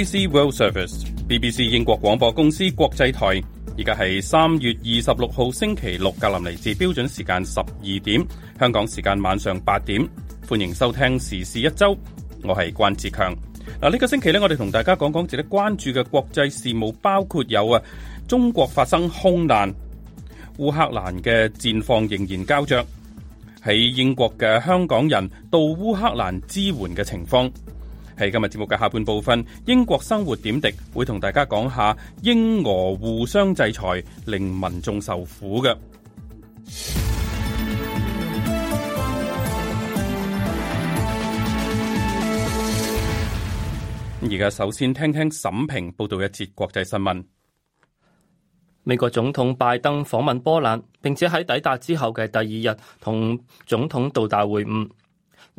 BBC World Service，BBC 英國廣播公司國際台，而家係三月二十六號星期六，格林尼治標準時間十二點，香港時間晚上八點，歡迎收聽時事一周，我係關志強。嗱、啊，呢、這個星期咧，我哋同大家講講值得關注嘅國際事務，包括有啊，中國發生空難，烏克蘭嘅戰況仍然膠着，喺英國嘅香港人到烏克蘭支援嘅情況。係今日節目嘅下半部分，英國生活點滴會同大家講下英俄互相制裁令民眾受苦嘅。而家首先聽聽沈平報道一節國際新聞。美國總統拜登訪問波蘭，並且喺抵達之後嘅第二日同總統杜達會晤。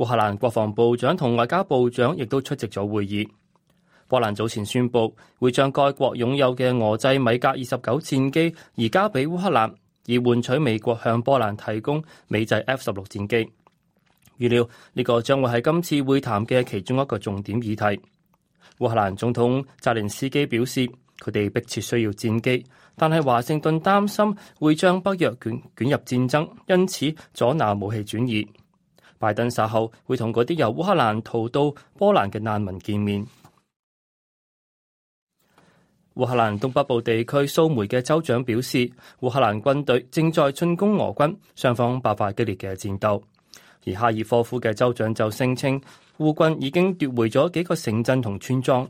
烏克蘭國防部長同外交部長亦都出席咗會議。波蘭早前宣布會將該國擁有嘅俄製米格二十九戰機移交俾烏克蘭，以換取美國向波蘭提供美製 F 十六戰機。預料呢個將會係今次會談嘅其中一個重點議題。烏克蘭總統澤連斯基表示，佢哋迫切需要戰機，但係華盛頓擔心會將北約捲捲入戰爭，因此阻撓武器轉移。拜登稍後會同嗰啲由烏克蘭逃到波蘭嘅難民見面。烏克蘭東北部地區蘇梅嘅州長表示，烏克蘭軍隊正在進攻俄軍，雙方爆發激烈嘅戰鬥。而哈爾科夫嘅州長就聲稱，烏軍已經奪回咗幾個城鎮同村莊。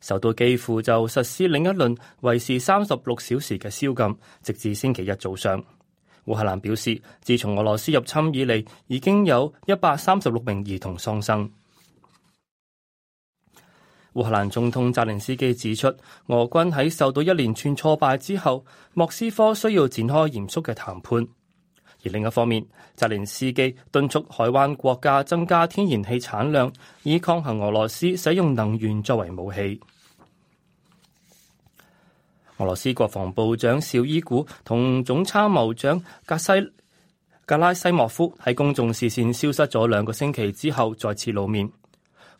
受到幾乎就實施另一輪為時三十六小時嘅宵禁，直至星期一早上。烏克蘭表示，自從俄羅斯入侵以嚟，已經有一百三十六名兒童喪生。烏克蘭總統澤連斯基指出，俄軍喺受到一連串挫敗之後，莫斯科需要展開嚴肅嘅談判。而另一方面，澤連斯基敦促海灣國家增加天然氣產量，以抗衡俄羅斯使用能源作為武器。俄羅斯國防部長紹伊古同總參謀長格西格拉西莫夫喺公眾視線消失咗兩個星期之後再次露面。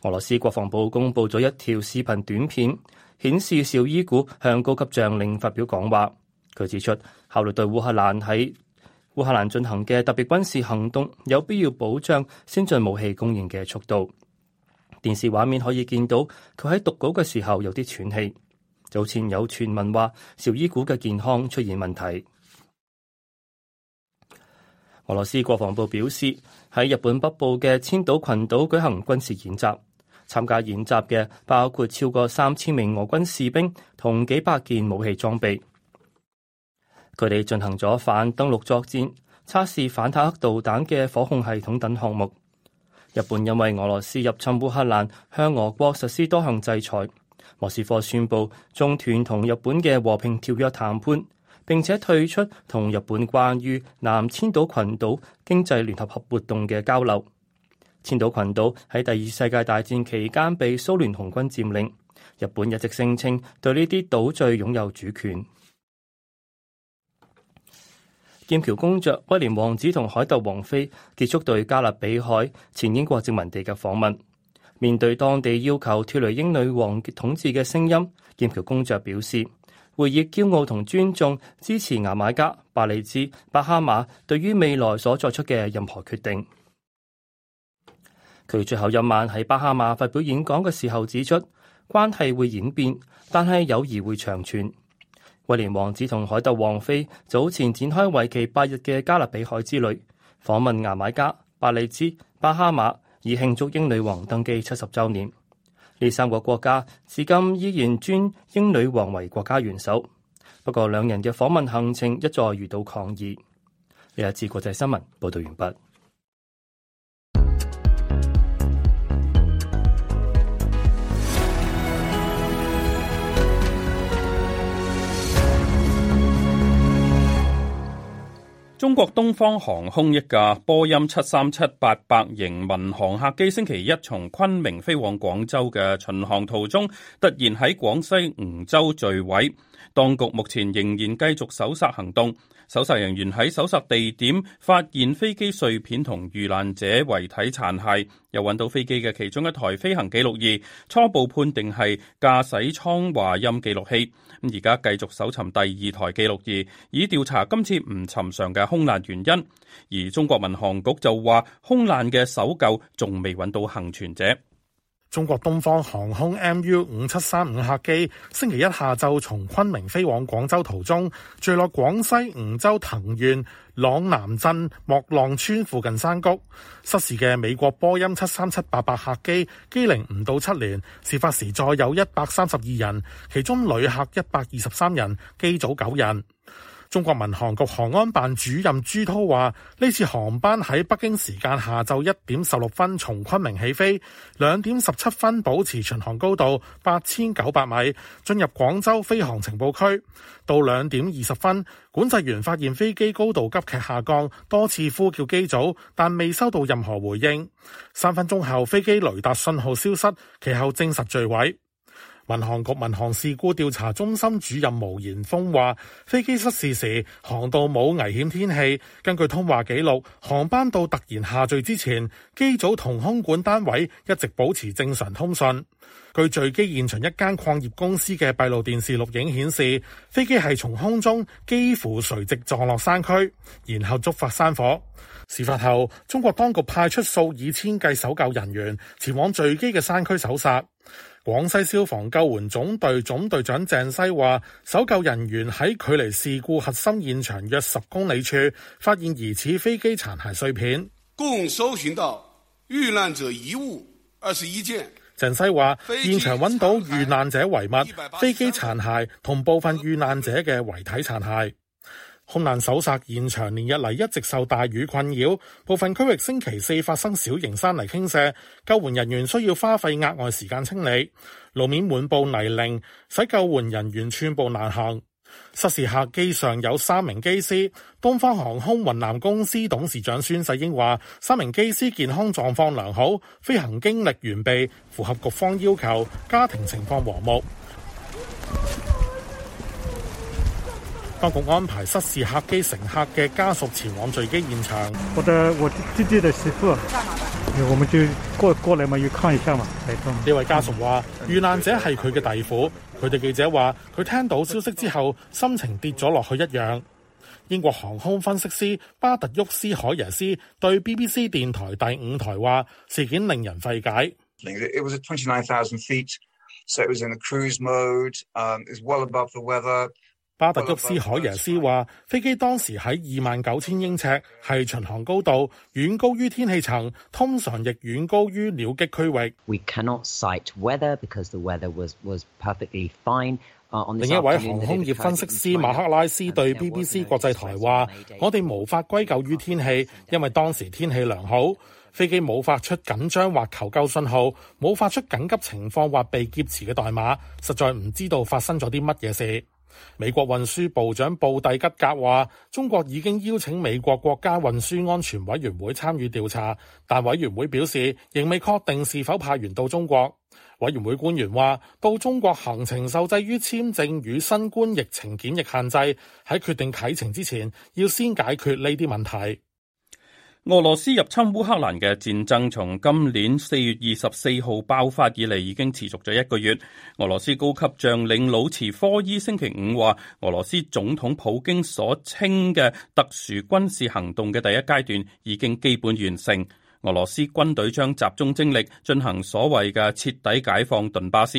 俄羅斯國防部公布咗一條視頻短片，顯示紹伊古向高級將領發表講話。佢指出，考慮對烏克蘭喺烏，烏克蘭進行嘅特別軍事行動，有必要保障先進武器供應嘅速度。電視畫面可以見到佢喺讀稿嘅時候有啲喘氣。早前有傳聞話，紹伊古嘅健康出現問題。俄羅斯國防部表示，喺日本北部嘅千島群島舉行軍事演習，參加演習嘅包括超過三千名俄軍士兵同幾百件武器裝備。佢哋進行咗反登陸作戰，測試反坦克導彈嘅火控系統等項目。日本因為俄羅斯入侵烏克蘭，向俄國實施多項制裁。莫斯科宣布中斷同日本嘅和平條約談判，並且退出同日本關於南千島群島經濟聯合合活動嘅交流。千島群島喺第二次世界大戰期間被蘇聯紅軍佔領，日本一直聲稱對呢啲島嶼擁有主權。劍橋公爵威廉王子同凱特王妃結束對加勒比海前英國殖民地嘅訪問。面對當地要求脫離英女王統治嘅聲音，劍橋公爵表示：會以驕傲同尊重支持牙買加、巴利茲、巴哈馬對於未來所作出嘅任何決定。佢最後一晚喺巴哈馬發表演講嘅時候指出：關係會演變，但係友誼會長存。威廉王子同凱特王妃早前展開為期八日嘅加勒比海之旅，訪問牙買加、巴利茲、巴哈馬。以慶祝英女王登基七十周年。呢三個國家至今依然尊英女王為國家元首，不過兩人嘅訪問行程一再遇到抗議。呢一次國際新聞報道完畢。中國東方航空一架波音七三七八百型民航客機，星期一從昆明飛往廣州嘅巡航途中，突然喺廣西梧州墜毀，當局目前仍然繼續搜索行動。搜查人員喺搜查地點發現飛機碎片同遇難者遺體殘骸，又揾到飛機嘅其中一台飛行記錄儀，初步判定係駕駛艙話音記錄器。咁而家繼續搜尋第二台記錄儀，以調查今次唔尋常嘅空難原因。而中國民航局就話，空難嘅搜救仲未揾到幸存者。中國東方航空 MU 五七三五客機星期一下晝從昆明飛往廣州途中墜落廣西梧州藤縣朗南鎮莫浪村附近山谷。失事嘅美國波音七三七八八客機機齡唔到七年，事發時載有一百三十二人，其中旅客一百二十三人，機組九人。中國民航局航安辦主任朱濤話：呢次航班喺北京時間下晝一點十六分從昆明起飛，兩點十七分保持巡航高度八千九百米，進入廣州飛航情報區。到兩點二十分，管制員發現飛機高度急劇下降，多次呼叫機組，但未收到任何回應。三分鐘後，飛機雷達信號消失，其後證實墜毀。民航局民航事故調查中心主任毛延峰話，飛機失事時，航道冇危險天氣。根據通話記錄，航班到突然下墜之前，機組同空管單位一直保持正常通訊。據墜機現場一間礦業公司嘅閉路電視錄影顯示，飛機係從空中幾乎垂直撞落山區，然後觸發山火。事發後，中國當局派出數以千計搜救人員前往墜機嘅山區搜殺。廣西消防救援總隊總隊長鄭西話：搜救人員喺距離事故核心現場約十公里處，發現疑似飛機殘骸碎片，共搜尋到遇難者遺物二十一件。鄭西話：現場揾到遇難者遺物、飛機殘骸同部分遇難者嘅遺體殘骸。空難搜查現場連日嚟，一直受大雨困擾，部分區域星期四發生小型山泥傾瀉，救援人員需要花費額外時間清理，路面滿布泥濘，使救援人員寸步難行。失事客機上有三名機師，東方航空雲南公司董事長孫世英話：三名機師健康狀況良好，飛行經歷完備，符合局方要求，家庭情況和睦。當局安排失事客機乘客嘅家屬前往墜機現場。我哋我弟弟嘅媳婦。我哋就過過嚟嘛，去看一下嘛！呢位家屬話：遇難者係佢嘅弟婦。佢哋記者話：佢聽到消息之後，心情跌咗落去一樣。英國航空分析師巴特沃斯·海耶斯對 BBC 電台第五台話：事件令人費解。It was at 29,000 feet, so it was in the cruise mode. Um, it's well above the weather. 巴特吉斯海耶斯話，飛機當時喺二萬九千英尺，係巡航高度，遠高於天氣層，通常亦遠高於鳥擊區域。另一位航空業分析師馬克拉斯對 BBC 國際台話，我哋無法歸咎於天氣，因為當時天氣良好，飛機冇發出緊張或求救信號，冇發出緊急情況或被劫持嘅代碼，實在唔知道發生咗啲乜嘢事。美國運輸部長布蒂吉格話，中國已經邀請美國國家運輸安全委員會參與調查，但委員會表示仍未確定是否派員到中國。委員會官員話，到中國行程受制於簽證與新冠疫情檢疫限制，喺決定啟程之前，要先解決呢啲問題。俄羅斯入侵烏克蘭嘅戰爭從今年四月二十四號爆發以嚟，已經持續咗一個月。俄羅斯高級將領魯茨科伊星期五話，俄羅斯總統普京所稱嘅特殊軍事行動嘅第一階段已經基本完成，俄羅斯軍隊將集中精力進行所謂嘅徹底解放頓巴斯。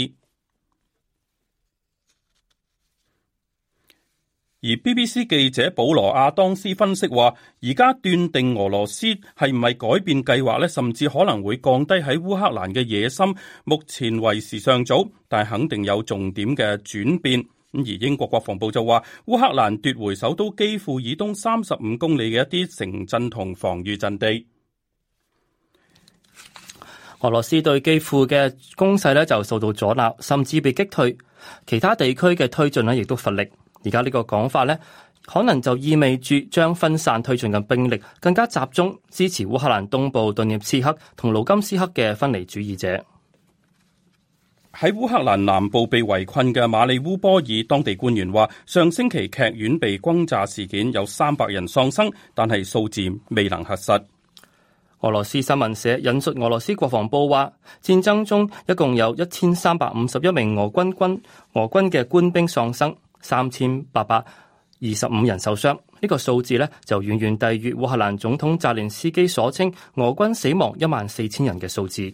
而 BBC 記者保羅亞當斯分析話，而家斷定俄羅斯係唔係改變計劃咧，甚至可能會降低喺烏克蘭嘅野心。目前為時尚早，但肯定有重點嘅轉變。而英國國防部就話，烏克蘭奪回首都基輔以東三十五公里嘅一啲城鎮同防禦陣地。俄羅斯對基輔嘅攻勢咧就受到阻撓，甚至被擊退。其他地區嘅推進咧亦都乏力。而家呢個講法呢，可能就意味住將分散推進嘅兵力更加集中，支持烏克蘭東部頓涅茨克同盧甘斯克嘅分離主義者。喺烏克蘭南部被圍困嘅馬里烏波爾，當地官員話，上星期劇院被轟炸事件有三百人喪生，但係數字未能核實。俄羅斯新聞社引述俄羅斯國防部話，戰爭中一共有一千三百五十一名俄軍軍俄軍嘅官兵喪生。三千八百二十五人受傷，呢個數字呢，就遠遠低於烏克蘭總統澤連斯基所稱俄軍死亡一萬四千人嘅數字。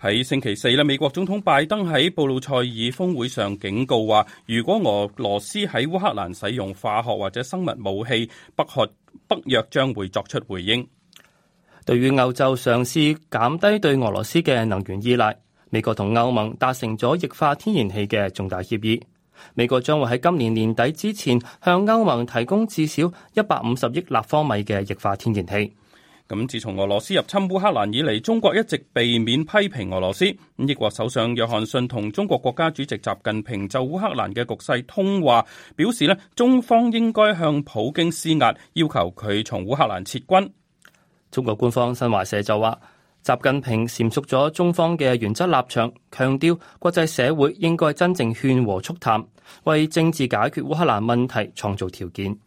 喺星期四呢，美國總統拜登喺布魯塞爾峰會上警告話，如果俄羅斯喺烏克蘭使用化學或者生物武器，北核北約將會作出回應。對於歐洲嘗試減低對俄羅斯嘅能源依賴，美國同歐盟達成咗液化天然氣嘅重大協議。美國將會喺今年年底之前向歐盟提供至少一百五十億立方米嘅液化天然氣。咁自從俄羅斯入侵烏克蘭以嚟，中國一直避免批評俄羅斯。咁，英國首相約翰遜同中國國家主席習近平就烏克蘭嘅局勢通話，表示呢，中方應該向普京施壓，要求佢從烏克蘭撤軍。中國官方新華社就話。習近平闡述咗中方嘅原則立場，強調國際社會應該真正勸和促談，為政治解決烏克蘭問題創造條件。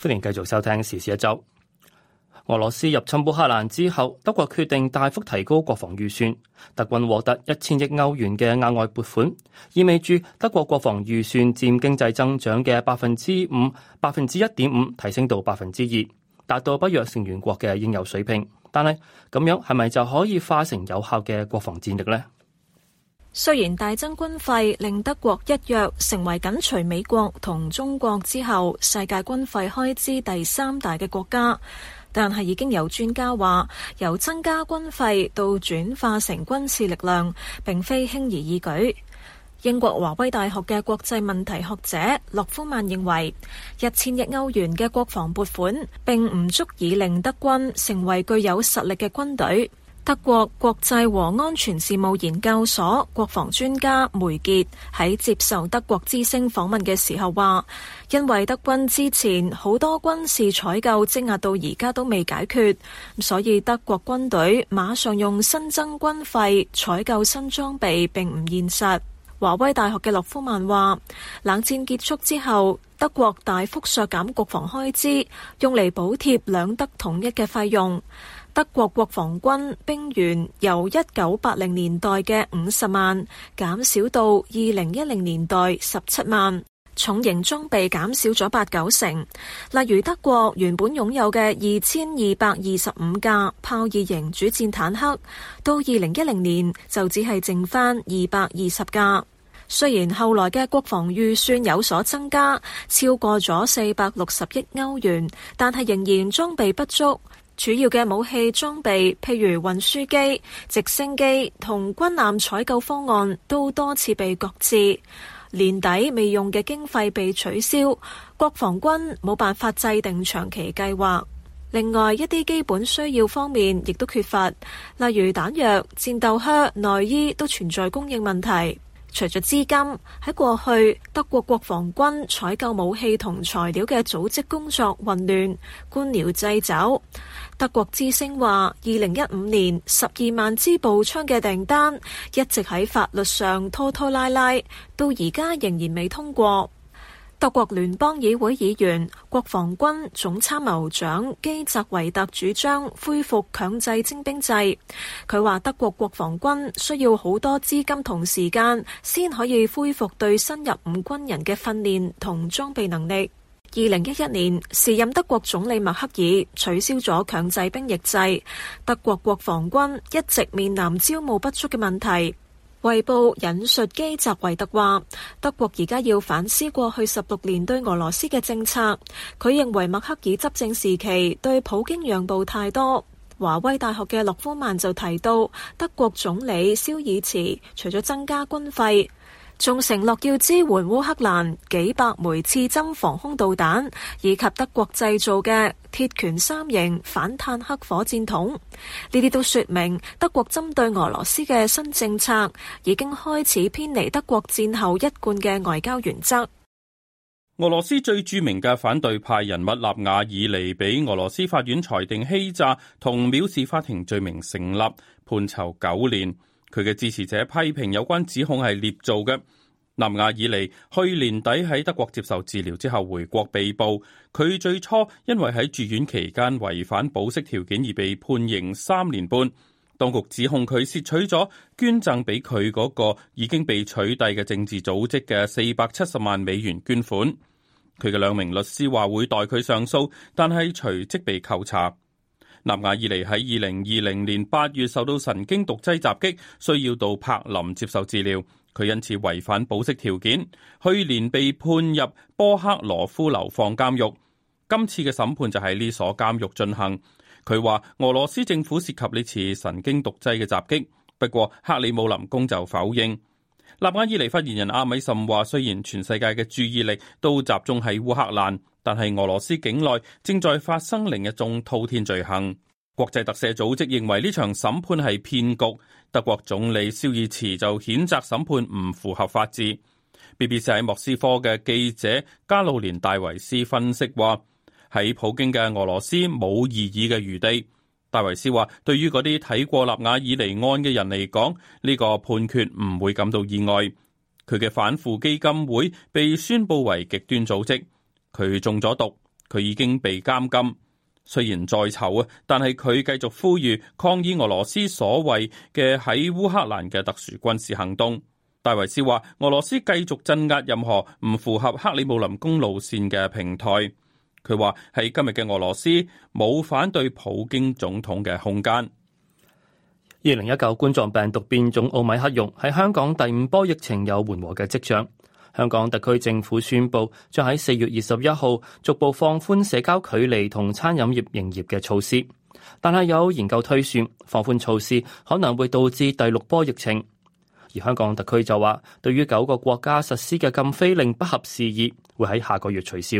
歡迎繼續收聽時事一周。俄羅斯入侵烏克蘭之後，德國決定大幅提高國防預算，德軍獲得一千億歐元嘅額外撥款，意味住德國國防預算佔經濟增長嘅百分之五，百分之一點五提升到百分之二，達到北約成員國嘅應有水平。但係咁樣係咪就可以化成有效嘅國防戰力呢？雖然大增軍費令德國一躍成為緊隨美國同中國之後世界軍費開支第三大嘅國家，但係已經有專家話，由增加軍費到轉化成軍事力量，並非輕而易舉。英國華威大學嘅國際問題學者洛夫曼認為，一千億歐元嘅國防撥款，並唔足以令德軍成為具有實力嘅軍隊。德國國際和安全事務研究所國防專家梅傑喺接受德國之聲訪問嘅時候話，因為德軍之前好多軍事採購積壓到而家都未解決，所以德國軍隊馬上用新增軍費採購新裝備並唔現實。華威大學嘅洛夫曼話，冷戰結束之後，德國大幅削減國防開支，用嚟補貼兩德統一嘅費用。德國國防軍兵員由一九八零年代嘅五十萬減少到二零一零年代十七萬，重型裝備減少咗八九成。例如德國原本擁有嘅二千二百二十五架豹二型主戰坦克，到二零一零年就只係剩返二百二十架。雖然後來嘅國防預算有所增加，超過咗四百六十億歐元，但係仍然裝備不足。主要嘅武器裝備，譬如運輸機、直升機同軍艦採購方案，都多次被擱置。年底未用嘅經費被取消，國防軍冇辦法制定長期計劃。另外，一啲基本需要方面亦都缺乏，例如彈藥、戰鬥靴、內衣都存在供應問題。除咗資金喺過去，德國國防軍採購武器同材料嘅組織工作混亂，官僚掣肘。德國之聲話，二零一五年十二萬支步槍嘅訂單一直喺法律上拖拖拉拉，到而家仍然未通過。德國聯邦議會議員、國防軍總參謀長基澤維特主張恢復強制徵兵制。佢話德國國防軍需要好多資金同時間，先可以恢復對新入伍軍人嘅訓練同裝備能力。二零一一年，時任德國總理默克爾取消咗強制兵役制，德國國防軍一直面臨招募不足嘅問題。《衛報》引述基澤維特話，德國而家要反思過去十六年對俄羅斯嘅政策。佢認為默克爾執政時期對普京讓步太多。華威大學嘅洛夫曼就提到，德國總理肖爾茨除咗增加軍費，仲承諾要支援烏克蘭幾百枚刺針防空導彈，以及德國製造嘅鐵拳三型反坦克火箭筒。呢啲都說明德國針對俄羅斯嘅新政策已經開始偏離德國戰後一貫嘅外交原則。俄羅斯最著名嘅反對派人物納瓦爾尼俾俄羅斯法院裁定欺詐，同藐視法庭罪名成立，判囚九年。佢嘅支持者批評有關指控係捏造嘅。納瓦爾尼，去年底喺德國接受治療之後回國被捕。佢最初因為喺住院期間違反保釋條件而被判刑三年半。當局指控佢竊取咗捐贈俾佢嗰個已經被取締嘅政治組織嘅四百七十萬美元捐款。佢嘅兩名律師話會代佢上訴，但係隨即被扣查。納瓦爾尼喺二零二零年八月受到神經毒劑襲擊，需要到柏林接受治療。佢因此違反保釋條件，去年被判入波克羅夫流放監獄。今次嘅審判就喺呢所監獄進行。佢話俄羅斯政府涉及呢次神經毒劑嘅襲擊，不過克里姆林宮就否認。納瓦爾尼發言人阿米什話：雖然全世界嘅注意力都集中喺烏克蘭。但係俄羅斯境內正在發生另一種滔天罪行。國際特赦組織認為呢場審判係騙局。德國總理肖爾茨就譴責審判唔符合法治。BBC 喺莫斯科嘅記者加路連戴維斯分析話：喺普京嘅俄羅斯冇異議嘅餘地。戴維斯話：對於嗰啲睇過納瓦爾尼案嘅人嚟講，呢個判決唔會感到意外。佢嘅反腐基金會被宣布為極端組織。佢中咗毒，佢已經被監禁。雖然在囚啊，但係佢繼續呼籲抗議俄羅斯所謂嘅喺烏克蘭嘅特殊軍事行動。戴維斯話：俄羅斯繼續鎮壓任何唔符合克里姆林宮路線嘅平台。佢話：係今日嘅俄羅斯冇反對普京總統嘅空間。二零一九冠狀病毒變種奧米克戎喺香港第五波疫情有緩和嘅跡象。香港特區政府宣布，將喺四月二十一號逐步放寬社交距離同餐飲業營業嘅措施。但係有研究推算，放寬措施可能會導致第六波疫情。而香港特區就話，對於九個國家實施嘅禁飛令不合時宜，會喺下個月取消。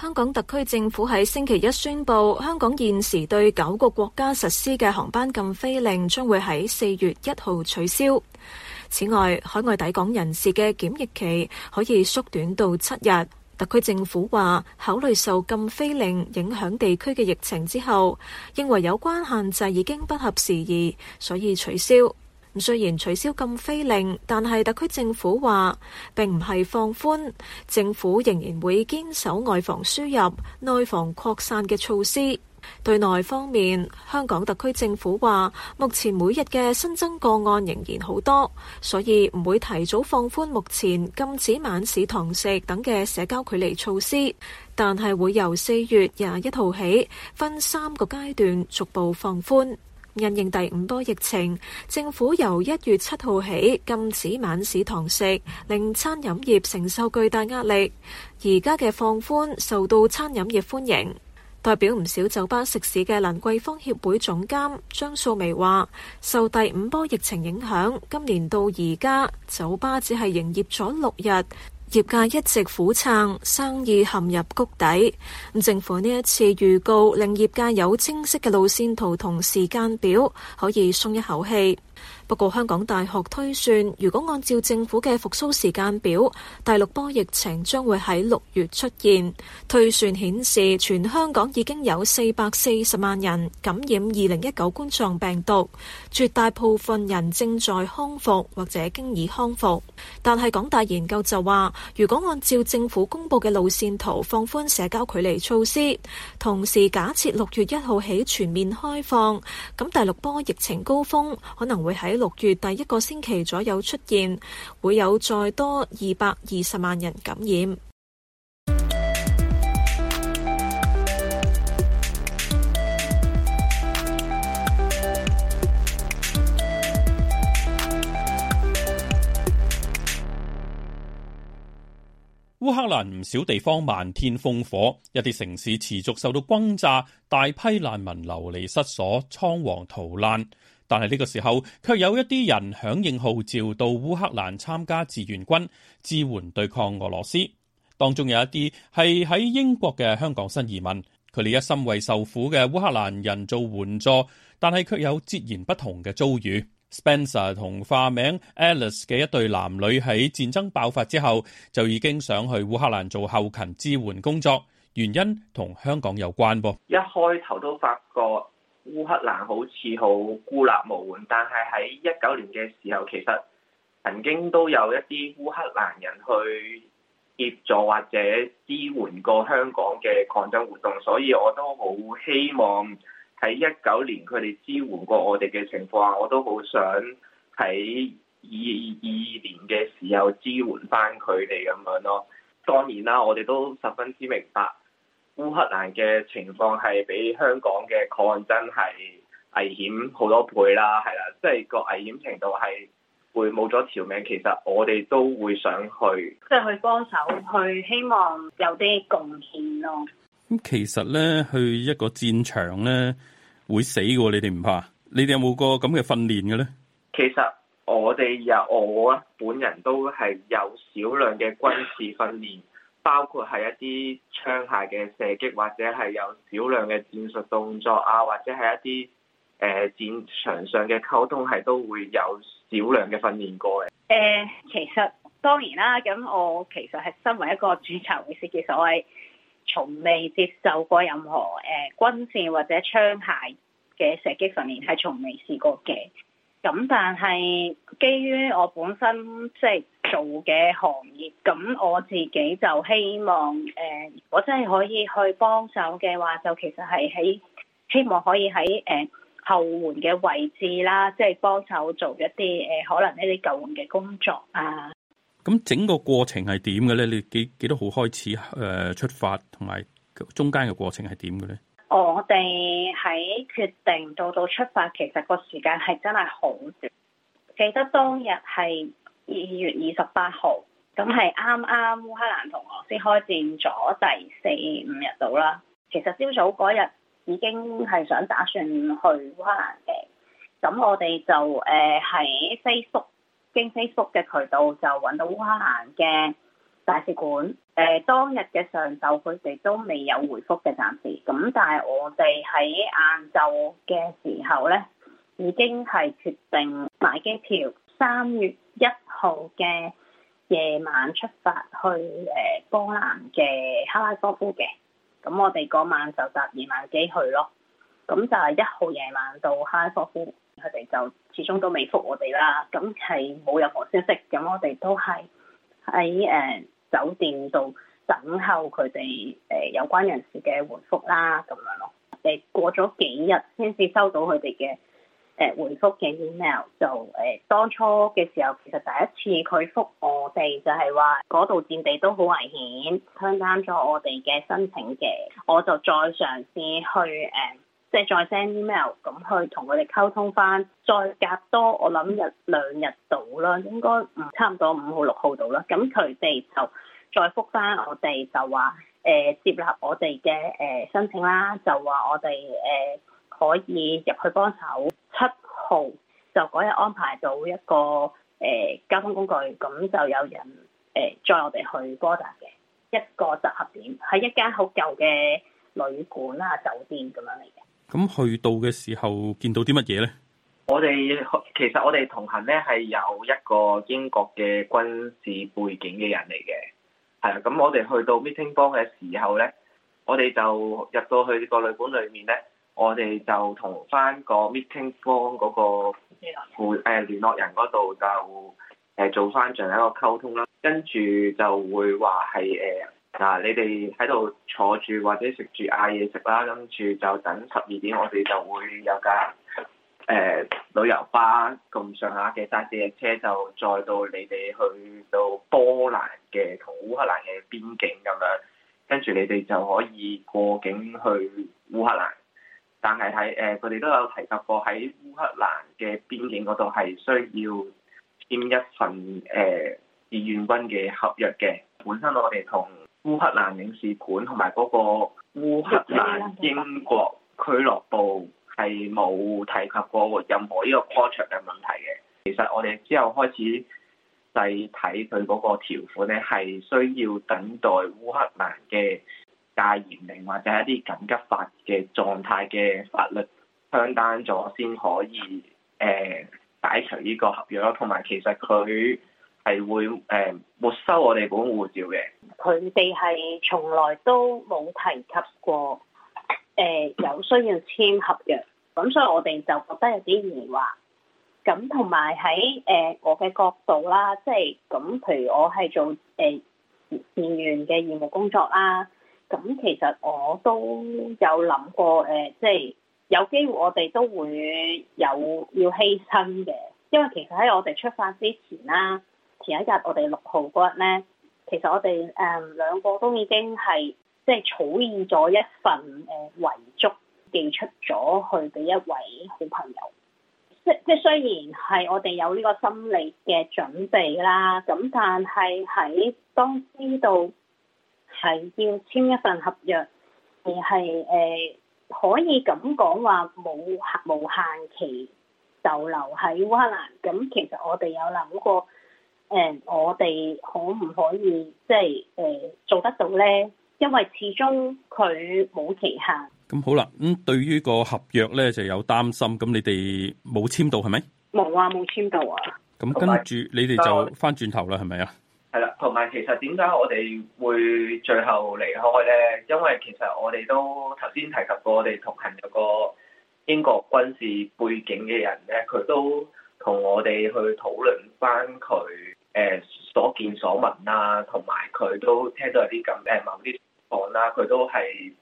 香港特區政府喺星期一宣布，香港現時對九個國家實施嘅航班禁飛令，將會喺四月一號取消。此外，海外抵港人士嘅檢疫期可以縮短到七日。特區政府話，考慮受禁飛令影響地區嘅疫情之後，認為有關限制已經不合時宜，所以取消。雖然取消禁飛令，但係特區政府話，並唔係放寬，政府仍然會堅守外防輸入、內防擴散嘅措施。對內方面，香港特區政府話，目前每日嘅新增個案仍然好多，所以唔會提早放寬目前禁止晚市堂食等嘅社交距離措施，但係會由四月廿一號起分三個階段逐步放寬。因應第五波疫情，政府由一月七號起禁止晚市堂食，令餐飲業承受巨大壓力。而家嘅放寬受到餐飲業歡迎。代表唔少酒吧食肆嘅蘭桂坊協會總監張素薇話，受第五波疫情影響，今年到而家酒吧只係營業咗六日，業界一直苦撐，生意陷入谷底。政府呢一次預告，令業界有清晰嘅路線圖同時間表，可以鬆一口氣。不過香港大學推算，如果按照政府嘅復蘇時間表，第六波疫情將會喺六月出現。推算顯示，全香港已經有四百四十萬人感染二零一九冠狀病毒，絕大部分人正在康復或者經已康復。但係港大研究就話，如果按照政府公布嘅路線圖放寬社交距離措施，同時假設六月一號起全面開放，咁第六波疫情高峰可能會喺六月第一個星期左右出現，會有再多二百二十萬人感染。烏克蘭唔少地方漫天烽火，一啲城市持續受到轟炸，大批難民流離失所，倉皇逃難。但係呢個時候，卻有一啲人響應號召到烏克蘭參加志願軍支援對抗俄羅斯。當中有一啲係喺英國嘅香港新移民，佢哋一心為受苦嘅烏克蘭人做援助，但係卻有截然不同嘅遭遇。Spencer 同化名 Alice 嘅一對男女喺戰爭爆發之後就已經想去烏克蘭做後勤支援工作，原因同香港有關。噃，一開頭都發覺。烏克蘭好似好孤立無援，但係喺一九年嘅時候，其實曾經都有一啲烏克蘭人去協助或者支援過香港嘅抗爭活動，所以我都好希望喺一九年佢哋支援過我哋嘅情況，我都好想喺二二年嘅時候支援翻佢哋咁樣咯。當然啦，啊，我哋都十分之明白。烏克蘭嘅情況係比香港嘅抗爭係危險好多倍啦，係啦，即係個危險程度係會冇咗條命。其實我哋都會想去，即係去幫手，去希望有啲貢獻咯。咁其實咧，去一個戰場咧會死㗎，你哋唔怕？你哋有冇過咁嘅訓練嘅咧？其實我哋有，我啊本人都係有少量嘅軍事訓練。包括係一啲槍械嘅射擊，或者係有少量嘅戰術動作啊，或者係一啲誒、呃、戰場上嘅溝通，係都會有少量嘅訓練過嘅。誒、呃，其實當然啦，咁我其實係身為一個主裁嘅時候，我從未接受過任何誒、呃、軍事或者槍械嘅射擊訓練，係從未試過嘅。咁但係基於我本身即係做嘅行業，咁我自己就希望，誒、呃，如果真係可以去幫手嘅話，就其實係喺希望可以喺誒、呃、後援嘅位置啦，即係幫手做一啲誒、呃、可能一啲救援嘅工作啊。咁、嗯、整個過程係點嘅咧？你幾幾多號開始誒、呃、出發，同埋中間嘅過程係點嘅咧？我哋喺決定到到出發，其實個時間係真係好短，記得當日係。二月二十八號，咁係啱啱烏克蘭同俄羅斯開戰咗第四五日到啦。其實朝早嗰日已經係想打算去烏克蘭嘅，咁我哋就誒喺飛叔經 Facebook 嘅渠道就揾到烏克蘭嘅大使館。誒、呃、當日嘅上晝佢哋都未有回覆嘅，暫時咁，但係我哋喺晏晝嘅時候呢，已經係決定買機票三月。一號嘅夜晚出發去誒波蘭嘅哈拉科夫嘅，咁我哋嗰晚就搭二晚機去咯。咁就係一號夜晚到哈拉科夫，佢哋就始終都未覆我哋啦。咁係冇任何消息，咁我哋都係喺誒酒店度等候佢哋誒有關人士嘅回覆啦，咁樣咯。誒過咗幾日先至收到佢哋嘅。誒回覆嘅 email 就誒、呃、當初嘅時候，其實第一次佢覆我哋就係話嗰度佔地都好危險，佢刪咗我哋嘅申請嘅，我就再嘗試去誒、呃，即係再 send email 咁去同佢哋溝通翻，再隔多我諗一兩日到啦，應該唔差唔多五號六號到啦。咁佢哋就再覆翻我哋就話誒、呃、接納我哋嘅誒申請啦，就話我哋誒、呃、可以入去幫手。七號就嗰日安排到一個誒、呃、交通工具，咁就有人誒載、呃、我哋去波達嘅一個集合點，喺一間好舊嘅旅館啦、啊、酒店咁樣嚟嘅。咁去到嘅時候見到啲乜嘢咧？我哋其實我哋同行咧係有一個英國嘅軍事背景嘅人嚟嘅，係啊。咁我哋去到 Meeting Point 嘅時候咧，我哋就入到去個旅館裡面咧。我哋就同翻個 meeting 方嗰個副誒聯絡人嗰度就誒做翻進一步溝通啦，跟住就會話係誒嗱，你哋喺度坐住或者食住嗌嘢食啦，跟住就等十二點，我哋就會有架誒、呃、旅遊巴咁上下嘅巴士嘅車，就載到你哋去到波蘭嘅同烏克蘭嘅邊境咁樣，跟住你哋就可以過境去烏克蘭。但係喺誒，佢、呃、哋都有提及過喺烏克蘭嘅邊境嗰度係需要簽一份誒志、呃、願軍嘅合約嘅。本身我哋同烏克蘭領事館同埋嗰個烏克蘭英國俱樂部係冇提及過任何呢個 contract 嘅問題嘅。其實我哋之後開始細睇佢嗰個條款咧，係需要等待烏克蘭嘅。戒嚴令或者一啲緊急法嘅狀態嘅法律相單咗，先可以誒解除呢個合約咯。同埋其實佢係會誒、呃、沒收我哋本護照嘅。佢哋係從來都冇提及過誒、呃、有需要簽合約，咁所以我哋就覺得有啲疑惑。咁同埋喺誒我嘅角度啦，即係咁，譬如我係做誒人、呃、員嘅業務工作啦。咁其實我都有諗過，誒，即係有機會我哋都會有要犧牲嘅，因為其實喺我哋出發之前啦，前一日我哋六號嗰日咧，其實我哋誒兩個都已經係即係草擬咗一份誒遺囑寄出咗去俾一位好朋友。即即雖然係我哋有呢個心理嘅準備啦，咁但係喺當知道，係要簽一份合約，而係誒、呃、可以咁講話冇無限期就留喺烏克蘭。咁、嗯、其實我哋有諗過，誒、呃、我哋可唔可以即係誒做得到咧？因為始終佢冇期限。咁、嗯、好啦，咁、嗯、對於個合約咧就有擔心。咁你哋冇簽到係咪？冇啊，冇簽到啊！咁、嗯、跟住你哋就返轉頭啦，係咪啊？係啦，同埋其實點解我哋會最後離開咧？因為其實我哋都頭先提及過，我哋同行有個英國軍事背景嘅人咧，佢都同我哋去討論翻佢誒所見所聞啦，同埋佢都聽到有啲咁誒某啲講啦，佢、呃、都係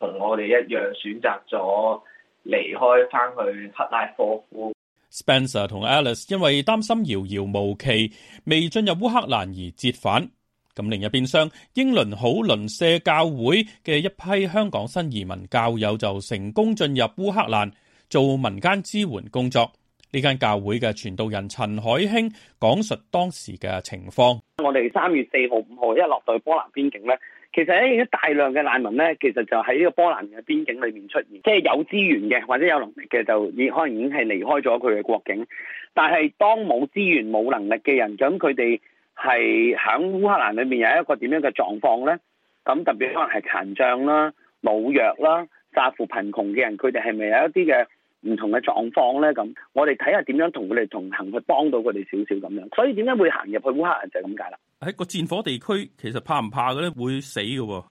同我哋一樣選擇咗離開翻去克拉科夫。Spencer 同 Alice 因為擔心遙遙無期未進入烏克蘭而折返。咁另一邊廂，英倫好倫社教會嘅一批香港新移民教友就成功進入烏克蘭做民間支援工作。呢間教會嘅傳道人陳海興講述當時嘅情況。我哋三月四號、五號一落到去波蘭邊境呢。其實咧，大量嘅難民咧，其實就喺呢個波蘭嘅邊境裏面出現，即係有資源嘅或者有能力嘅，就已可能已經係離開咗佢嘅國境。但係當冇資源冇能力嘅人，咁佢哋係喺烏克蘭裏面有一個點樣嘅狀況咧？咁特別可能係殘障啦、老弱啦、家父貧窮嘅人，佢哋係咪有一啲嘅唔同嘅狀況咧？咁我哋睇下點樣同佢哋同行去幫到佢哋少少咁樣。所以點解會行入去烏克蘭就係咁解啦。喺個戰火地區，其實怕唔怕嘅咧？會死嘅、啊。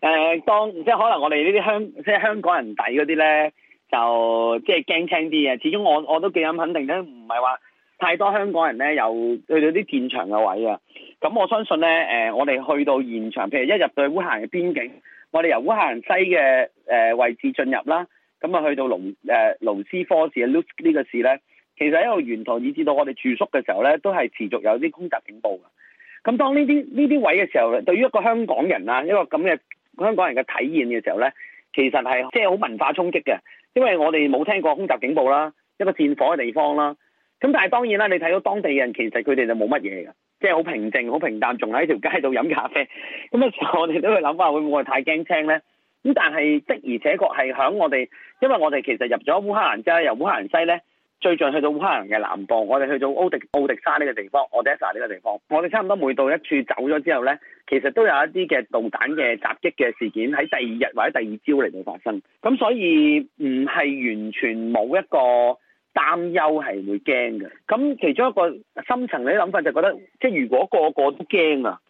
誒、 呃，當即係可能我哋呢啲香，即係香港人抵嗰啲咧，就即係驚青啲嘅。始終我我都幾咁肯定咧，唔係話太多香港人咧，又去到啲戰場嘅位啊。咁我相信咧，誒、呃，我哋去到現場，譬如一入到烏克蘭嘅邊境，我哋由烏克蘭西嘅誒、呃、位置進入啦，咁啊去到盧誒盧斯科市啊，Luz 呢個市咧。其實一個沿途以至到我哋住宿嘅時候咧，都係持續有啲空襲警報。咁當呢啲呢啲位嘅時候，對於一個香港人呀，一個咁嘅香港人嘅體驗嘅時候咧，其實係即係好文化衝擊嘅，因為我哋冇聽過空襲警報啦，一個戰火嘅地方啦。咁但係當然啦，你睇到當地人其實佢哋就冇乜嘢嘅，即係好平靜、好平淡，仲喺條街度飲咖啡。咁嘅時候我哋都會諗返會唔會太驚青咧？咁但係的而且確係響我哋，因為我哋其實入咗烏克蘭，由烏克蘭西咧。最近去到烏克蘭嘅南部，我哋去到奧迪奧迪沙呢個，個地方，我哋奧德薩呢個地方，我哋差唔多每到一處走咗之後呢，其實都有一啲嘅導彈嘅襲擊嘅事件喺第二日或者第二朝嚟到發生，咁所以唔係完全冇一個擔憂係會驚嘅。咁其中一個深層嘅諗法就覺得，即係如果個個都驚啊，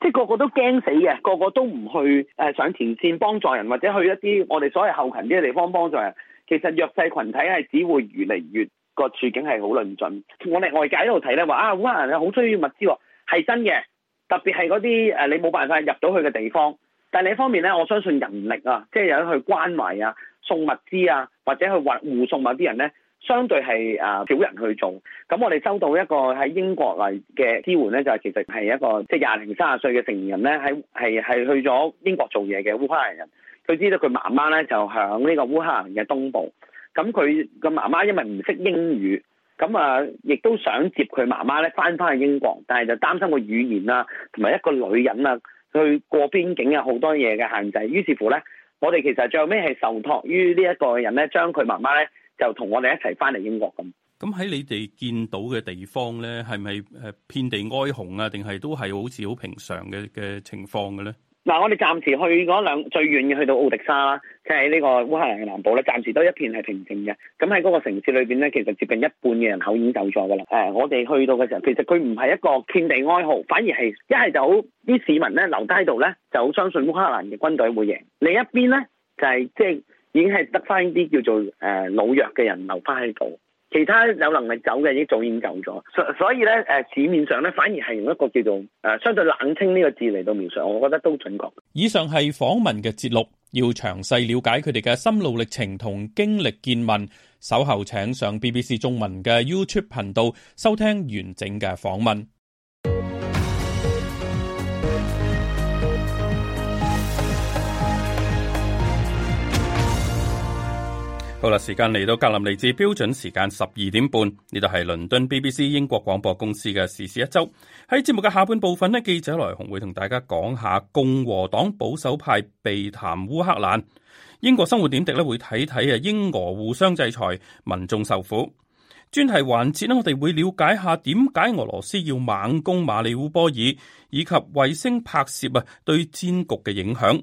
即係個個都驚死嘅，個個都唔去誒上前線幫助人，或者去一啲我哋所謂後勤啲嘅地方幫助人。其實弱勢群體係只會越嚟越個處境係好論盡，我哋外界一度睇咧，話啊烏克蘭好需要物資喎，係真嘅。特別係嗰啲誒你冇辦法入到去嘅地方，但另一方面咧，我相信人力啊，即係有人去關懷啊、送物資啊，或者去運護送某啲人咧，相對係誒少人去做。咁我哋收到一個喺英國嚟嘅支援咧，就係、係、其實係一個即係廿零卅歲嘅成年人咧，喺係係去咗英國做嘢嘅烏克蘭人。佢知道佢媽媽咧就響呢個烏克蘭嘅東部，咁佢個媽媽因為唔識英語，咁啊亦都想接佢媽媽咧翻翻去英國，但係就擔心個語言啊，同埋一個女人啊，去過邊境有好多嘢嘅限制，於是乎咧，我哋其實最後尾係受託於呢一個人咧，將佢媽媽咧就同我哋一齊翻嚟英國咁。咁喺你哋見到嘅地方咧，係咪誒遍地哀鴻啊，定係都係好似好平常嘅嘅情況嘅咧？嗱，我哋暫時去嗰兩最遠嘅去到奧迪沙啦，即係呢個烏克蘭嘅南部咧，暫時都一片係平靜嘅。咁喺嗰個城市裏邊咧，其實接近一半嘅人口已經走咗㗎啦。誒、呃，我哋去到嘅時候，其實佢唔係一個遍地哀嚎，反而係一係就好啲市民咧留低喺度咧就好相信烏克蘭嘅軍隊會贏。另一邊咧就係、是、即係已經係得翻啲叫做誒、呃、老弱嘅人留翻喺度。其他有能力走嘅已經早已經走咗，所所以咧，誒市面上咧反而係用一個叫做誒相對冷清呢個字嚟到描述，我覺得都準確。以上係訪問嘅節錄，要詳細了解佢哋嘅心路歷程同經歷見聞，稍後請上 BBC 中文嘅 YouTube 頻道收聽完整嘅訪問。好啦，時間嚟到，格林尼治標準時間十二點半，呢度係倫敦 BBC 英國廣播公司嘅時事一周。喺節目嘅下半部分呢，記者來鴻會同大家講下共和黨保守派避談烏克蘭。英國生活點滴咧，會睇睇啊，英俄互相制裁，民眾受苦。專題環節呢，我哋會了解下點解俄羅斯要猛攻馬里烏波爾，以及衛星拍攝啊對戰局嘅影響。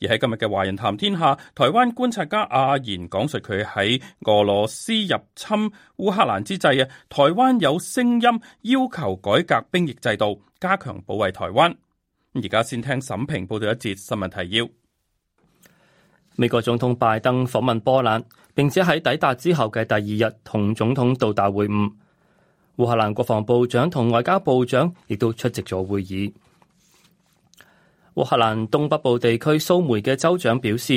而喺今日嘅《華人談天下》，台灣觀察家阿言講述佢喺俄羅斯入侵烏克蘭之際啊，台灣有聲音要求改革兵役制度，加強保衛台灣。而家先聽沈平報道一節新聞提要。美國總統拜登訪問波蘭，並且喺抵達之後嘅第二日同總統杜達會晤。烏克蘭國防部長同外交部長亦都出席咗會議。烏克蘭東北部地區蘇梅嘅州長表示，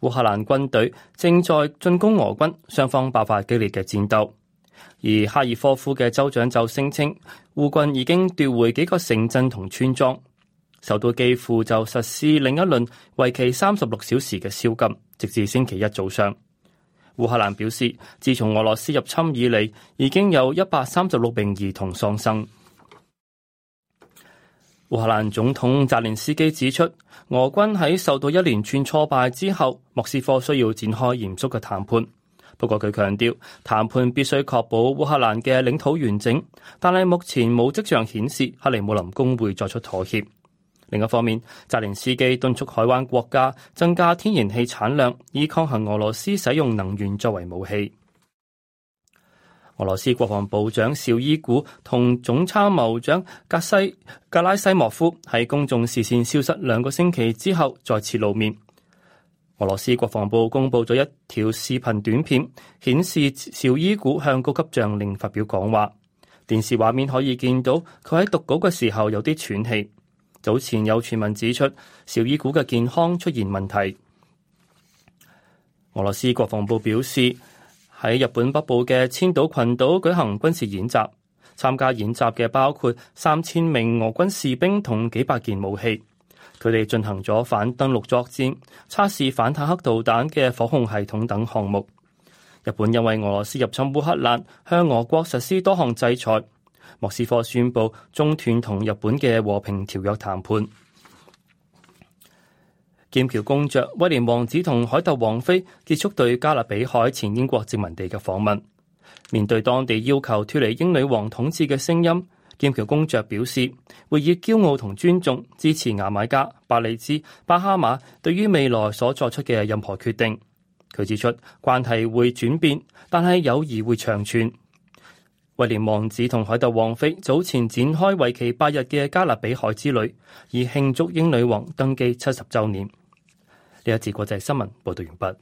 烏克蘭軍隊正在進攻俄軍，雙方爆發激烈嘅戰鬥。而哈爾科夫嘅州長就聲稱，烏軍已經奪回幾個城鎮同村莊。受到基輔就實施另一輪為期三十六小時嘅宵禁，直至星期一早上。烏克蘭表示，自從俄羅斯入侵以嚟，已經有一百三十六名兒童喪生。烏克蘭總統澤連斯基指出，俄軍喺受到一連串挫敗之後，莫斯科需要展開嚴肅嘅談判。不過佢強調，談判必須確保烏克蘭嘅領土完整。但係目前冇跡象顯示克里姆林宮會作出妥協。另一方面，澤連斯基敦促海灣國家增加天然氣產量，以抗衡俄羅斯使用能源作為武器。俄羅斯國防部長紹伊古同總參謀長格西格拉西莫夫喺公眾視線消失兩個星期之後再次露面。俄羅斯國防部公布咗一條視頻短片，顯示紹伊古向高級將領發表講話。電視畫面可以見到佢喺讀稿嘅時候有啲喘氣。早前有傳聞指出紹伊古嘅健康出現問題。俄羅斯國防部表示。喺日本北部嘅千島群島舉行軍事演習，參加演習嘅包括三千名俄軍士兵同幾百件武器。佢哋進行咗反登陸作戰、測試反坦克導彈嘅火控系統等項目。日本因為俄羅斯入侵烏克蘭，向俄國實施多項制裁。莫斯科宣布中斷同日本嘅和平條約談判。劍橋公爵威廉王子同凱特王妃結束對加勒比海前英國殖民地嘅訪問。面對當地要求脫離英女王統治嘅聲音，劍橋公爵表示會以驕傲同尊重支持牙買加、伯利茲、巴哈馬對於未來所作出嘅任何決定。佢指出關係會轉變，但係友誼會長存。威廉王子同凱特王妃早前展開為期八日嘅加勒比海之旅，以慶祝英女王登基七十周年。呢一次國際新聞報道完畢。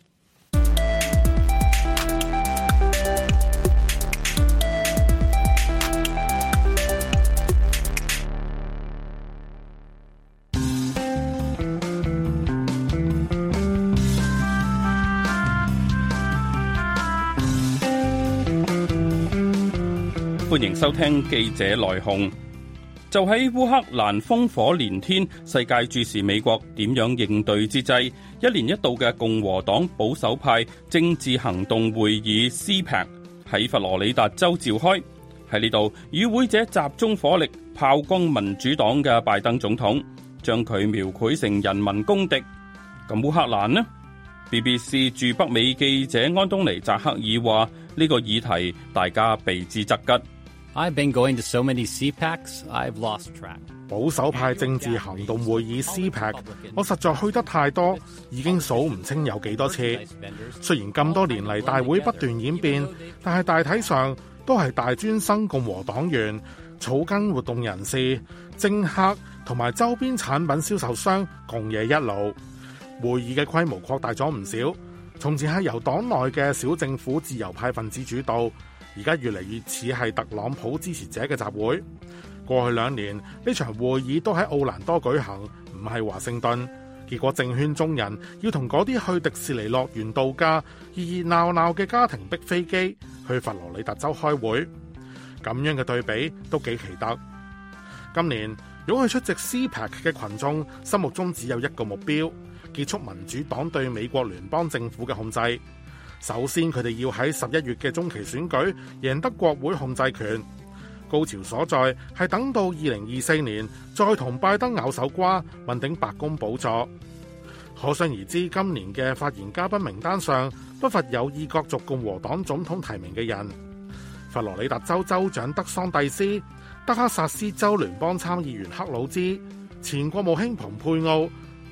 歡迎收聽記者來鴻。就喺烏克蘭烽火連天、世界注視美國點樣應對之際，一年一度嘅共和黨保守派政治行動會議 CPAC 喺佛羅里達州召開。喺呢度，與會者集中火力炮轟民主黨嘅拜登總統，將佢描繪成人民公敵。咁烏克蘭呢？BBC 駐北美記者安東尼扎克爾話：呢個議題大家避之則吉。I've been going to so many CPACs, I've lost track。保守派政治行動會議 CPAC，我實在去得太多，已經數唔清有幾多次。雖然咁多年嚟大會不斷演變，但係大體上都係大專生、共和黨員、草根活動人士、政客同埋周邊產品銷售商共嘢一路。會議嘅規模擴大咗唔少，從前係由黨內嘅小政府自由派分子主導。而家越嚟越似係特朗普支持者嘅集會。過去兩年呢場會議都喺奧蘭多舉行，唔係華盛頓。結果政圈中人要同嗰啲去迪士尼樂園度假、熱熱鬧鬧嘅家庭逼飛機去佛羅里達州開會，咁樣嘅對比都幾奇特。今年如果去出席 CPAC 嘅群眾，心目中只有一個目標：結束民主黨對美國聯邦政府嘅控制。首先，佢哋要喺十一月嘅中期選舉贏得國會控制權。高潮所在係等到二零二四年再同拜登拗手瓜，問鼎白宮寶座。可想而知，今年嘅發言嘉賓名單上不乏有意角逐共和黨總統提名嘅人。佛羅里達州州長德桑蒂斯、德克薩斯州聯邦參議員克魯茲、前國務卿蓬佩奧。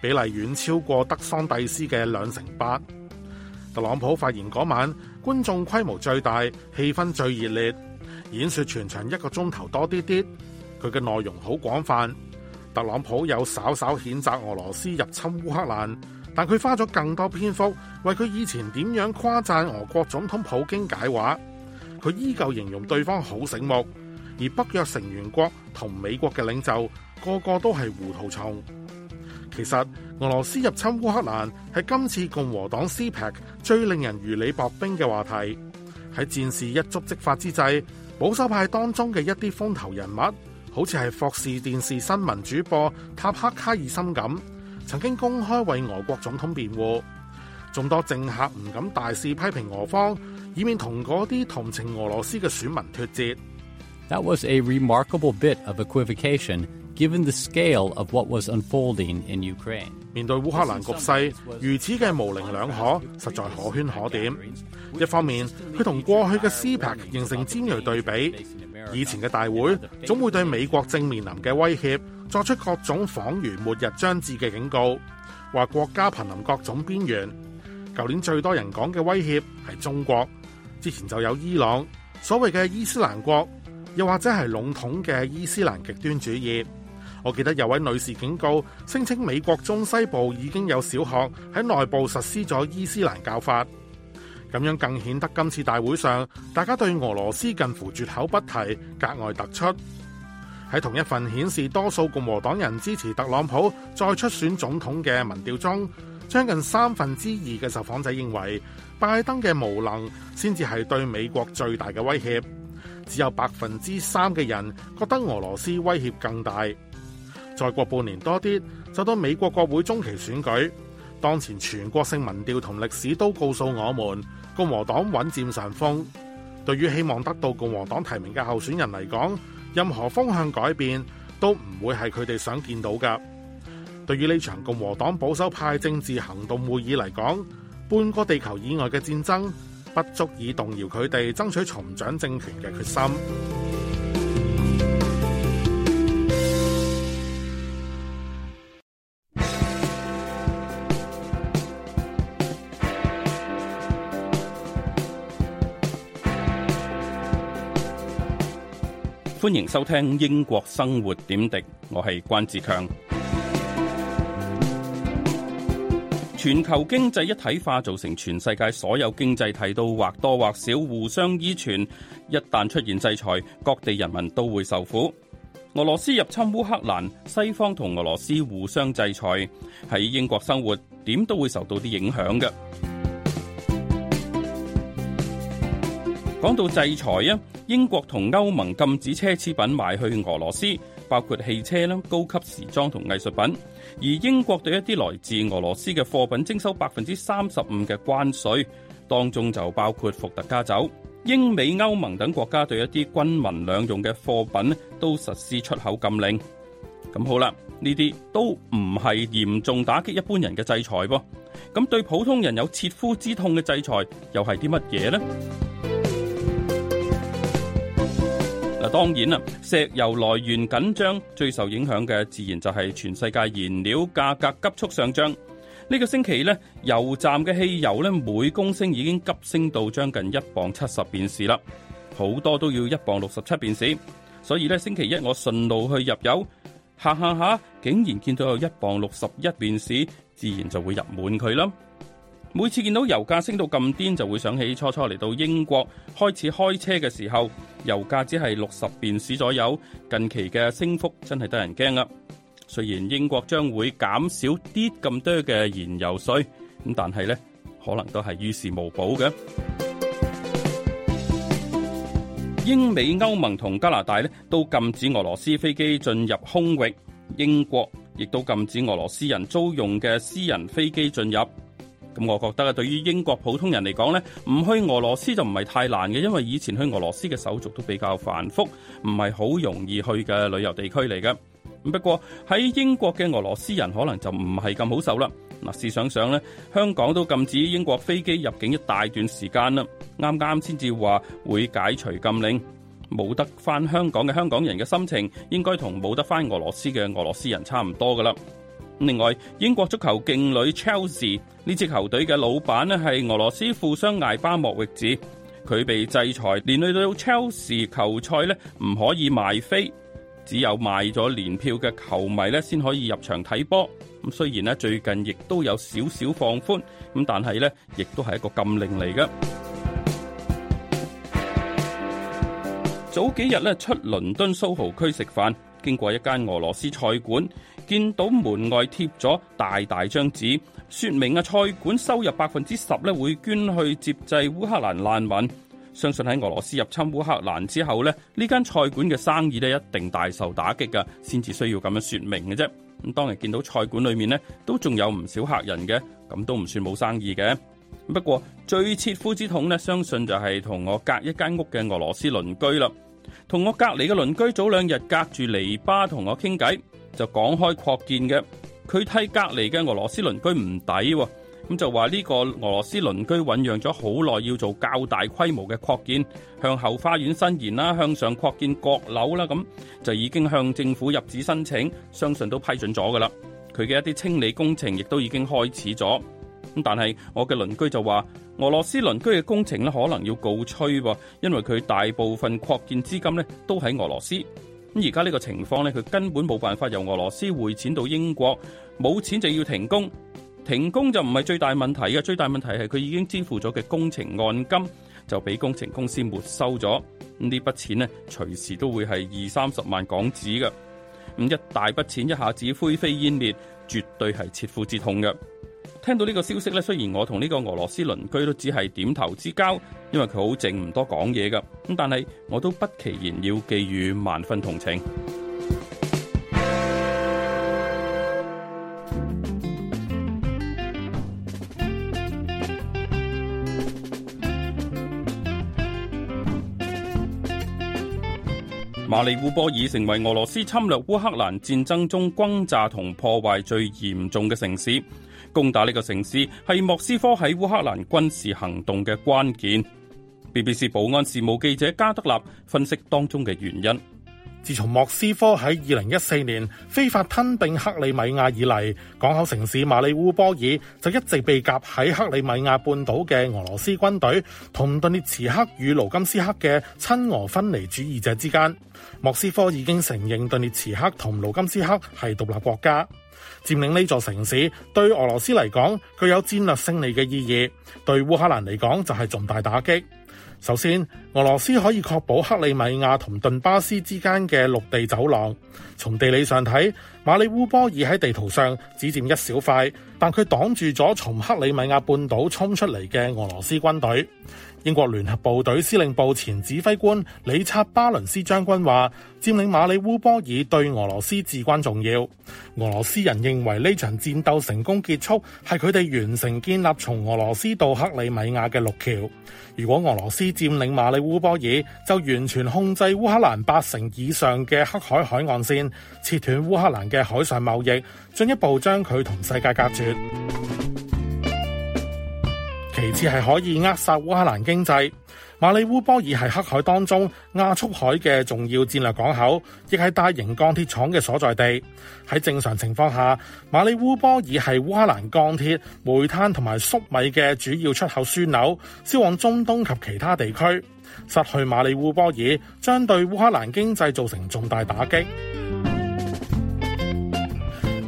比例遠超過德桑蒂斯嘅兩成八。特朗普發言嗰晚，觀眾規模最大，氣氛最熱烈。演說全場一個鐘頭多啲啲，佢嘅內容好廣泛。特朗普有稍稍譴責俄羅斯入侵烏克蘭，但佢花咗更多篇幅為佢以前點樣誇讚俄國總統普京解話。佢依舊形容對方好醒目，而北約成員國同美國嘅領袖，個個都係糊塗蟲。其實，俄羅斯入侵烏克蘭係今次共和黨 CPAC 最令人如履薄冰嘅話題。喺戰事一觸即發之際，保守派當中嘅一啲風頭人物，好似係霍士電視新聞主播塔克卡爾森咁，曾經公開為俄國總統辯護。眾多政客唔敢大肆批評俄方，以免同嗰啲同情俄羅斯嘅選民脫節。That was a remarkable bit of 面對烏克蘭局勢如此嘅模棱兩可，實在可圈可點。一方面，佢同過去嘅 CPAC 形成尖銳對比。以前嘅大會總會對美國正面臨嘅威脅作出各種恍如末日將至嘅警告，話國家瀕臨各種邊緣。舊年最多人講嘅威脅係中國，之前就有伊朗、所謂嘅伊斯蘭國，又或者係籠統嘅伊斯蘭極端主義。我記得有位女士警告，聲稱美國中西部已經有小學喺內部實施咗伊斯蘭教法，咁樣更顯得今次大會上大家對俄羅斯近乎絕口不提，格外突出。喺同一份顯示多數共和黨人支持特朗普再出選總統嘅民調中，將近三分之二嘅受訪者認為拜登嘅無能先至係對美國最大嘅威脅，只有百分之三嘅人覺得俄羅斯威脅更大。再過半年多啲，就到美國國會中期選舉。當前全國性民調同歷史都告訴我們，共和黨穩占上風。對於希望得到共和黨提名嘅候選人嚟講，任何方向改變都唔會係佢哋想見到嘅。對於呢場共和黨保守派政治行動會議嚟講，半個地球以外嘅戰爭不足以動搖佢哋爭取重掌政權嘅決心。歡迎收聽英國生活點滴，我係關志強。全球經濟一體化造成全世界所有經濟體都或多或少互相依存，一旦出現制裁，各地人民都會受苦。俄羅斯入侵烏克蘭，西方同俄羅斯互相制裁，喺英國生活點都會受到啲影響嘅。講到制裁啊，英國同歐盟禁止奢侈品賣去俄羅斯，包括汽車啦、高級時裝同藝術品。而英國對一啲來自俄羅斯嘅貨品徵收百分之三十五嘅關稅，當中就包括伏特加酒。英美歐盟等國家對一啲軍民兩用嘅貨品都實施出口禁令。咁好啦，呢啲都唔係嚴重打擊一般人嘅制裁噃。咁對普通人有切膚之痛嘅制裁，又係啲乜嘢呢？嗱，當然啦，石油來源緊張，最受影響嘅自然就係全世界燃料價格急速上漲。呢、這個星期咧，油站嘅汽油咧每公升已經急升到將近一磅七十便士啦，好多都要一磅六十七便士。所以咧，星期一我順路去入油行行下，竟然見到有一磅六十一便士，自然就會入滿佢啦。每次見到油價升到咁癲，就會想起初初嚟到英國開始開車嘅時候，油價只係六十便士左右。近期嘅升幅真係得人驚啊。雖然英國將會減少啲咁多嘅燃油稅，咁但係呢，可能都係於事無補嘅。 英美、歐盟同加拿大呢都禁止俄羅斯飛機進入空域，英國亦都禁止俄羅斯人租用嘅私人飛機進入。咁我覺得啊，對於英國普通人嚟講咧，唔去俄羅斯就唔係太難嘅，因為以前去俄羅斯嘅手續都比較繁複，唔係好容易去嘅旅遊地區嚟嘅。不過喺英國嘅俄羅斯人可能就唔係咁好受啦。嗱，試想想咧，香港都禁止英國飛機入境一大段時間啦，啱啱先至話會解除禁令，冇得返香港嘅香港人嘅心情應該同冇得返俄羅斯嘅俄羅斯人差唔多㗎喇。另外，英國足球勁旅 Chelsea 呢支球隊嘅老闆咧係俄羅斯富商艾巴莫域子，佢被制裁，連累到 Chelsea 球賽咧唔可以賣飛，只有買咗年票嘅球迷咧先可以入場睇波。咁雖然咧最近亦都有少少放寬，咁但係咧亦都係一個禁令嚟嘅。 早幾日咧出倫敦 SOHO 區食飯。經過一間俄羅斯菜館，見到門外貼咗大大張紙，說明啊菜館收入百分之十咧會捐去接濟烏克蘭難民。相信喺俄羅斯入侵烏克蘭之後咧，呢間菜館嘅生意咧一定大受打擊噶，先至需要咁樣說明嘅啫。咁當然見到菜館裏面咧都仲有唔少客人嘅，咁都唔算冇生意嘅。不過最切膚之痛咧，相信就係同我隔一間屋嘅俄羅斯鄰居啦。同我隔籬嘅鄰居早兩日隔住籬巴同我傾偈，就講開擴建嘅。佢替隔籬嘅俄羅斯鄰居唔抵，咁就話呢個俄羅斯鄰居醞釀咗好耐要做較大規模嘅擴建，向後花園伸延啦，向上擴建閣樓啦，咁就已經向政府入紙申請，相信都批准咗噶啦。佢嘅一啲清理工程亦都已經開始咗。咁但係我嘅鄰居就話俄羅斯鄰居嘅工程咧可能要告吹，因為佢大部分擴建資金咧都喺俄羅斯。咁而家呢個情況咧，佢根本冇辦法由俄羅斯匯錢到英國，冇錢就要停工。停工就唔係最大問題嘅，最大問題係佢已經支付咗嘅工程按金就俾工程公司沒收咗。呢筆錢咧隨時都會係二三十萬港紙噶。咁一大筆錢一下子灰飛煙滅，絕對係切膚之痛嘅。聽到呢個消息咧，雖然我同呢個俄羅斯鄰居都只係點頭之交，因為佢好靜，唔多講嘢㗎咁，但係我都不期然要寄予萬分同情。馬里烏波爾成為俄羅斯侵略烏克蘭戰爭中轟炸同破壞最嚴重嘅城市。攻打呢個城市係莫斯科喺烏克蘭軍事行動嘅關鍵。BBC 保安事務記者加德納分析當中嘅原因。自從莫斯科喺二零一四年非法吞併克里米亞以嚟，港口城市馬里烏波爾就一直被夾喺克里米亞半島嘅俄羅斯軍隊同頓涅茨克與盧甘斯克嘅親俄分離主義者之間，莫斯科已經承認頓涅茨克同盧甘斯克係獨立國家。佔領呢座城市對俄羅斯嚟講具有戰略勝利嘅意義，對烏克蘭嚟講就係重大打擊。首先，俄羅斯可以確保克里米亞同頓巴斯之間嘅陸地走廊。從地理上睇，馬里烏波爾喺地圖上只佔一小塊，但佢擋住咗從克里米亞半島衝出嚟嘅俄羅斯軍隊。英國聯合部隊司令部前指揮官理察巴倫斯將軍話，佔領馬里烏波爾對俄羅斯至關重要。俄羅斯人認為呢場戰鬥成功結束係佢哋完成建立從俄羅斯到克里米亞嘅陸橋。如果俄羅斯佔領馬里烏波爾就完全控制烏克蘭八成以上嘅黑海海岸線，切斷烏克蘭嘅海上貿易，進一步將佢同世界隔絕。其次係可以扼殺烏克蘭經濟。馬里烏波爾係黑海當中亞速海嘅重要戰略港口，亦係大型鋼鐵廠嘅所在地。喺正常情況下，馬里烏波爾係烏克蘭鋼鐵、煤炭同埋粟米嘅主要出口樞紐，銷往中東及其他地區。失去馬里烏波爾將對烏克蘭經濟造成重大打擊。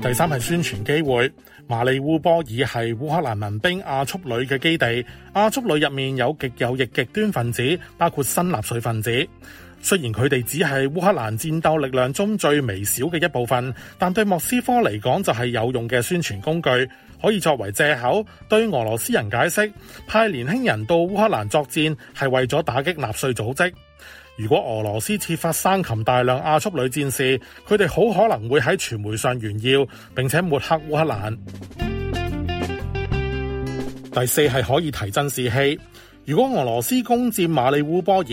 第三係宣傳機會，馬里烏波爾係烏克蘭民兵亞速旅嘅基地，亞速旅入面有極右翼極端分子，包括新納粹分子。雖然佢哋只係烏克蘭戰鬥力量中最微小嘅一部分，但對莫斯科嚟講就係有用嘅宣傳工具。可以作為藉口對俄羅斯人解釋派年輕人到烏克蘭作戰係為咗打擊納粹組織。如果俄羅斯設法生擒大量亞速女戰士，佢哋好可能會喺傳媒上炫耀並且抹黑烏克蘭。第四係可以提振士氣。如果俄羅斯攻佔馬里烏波爾，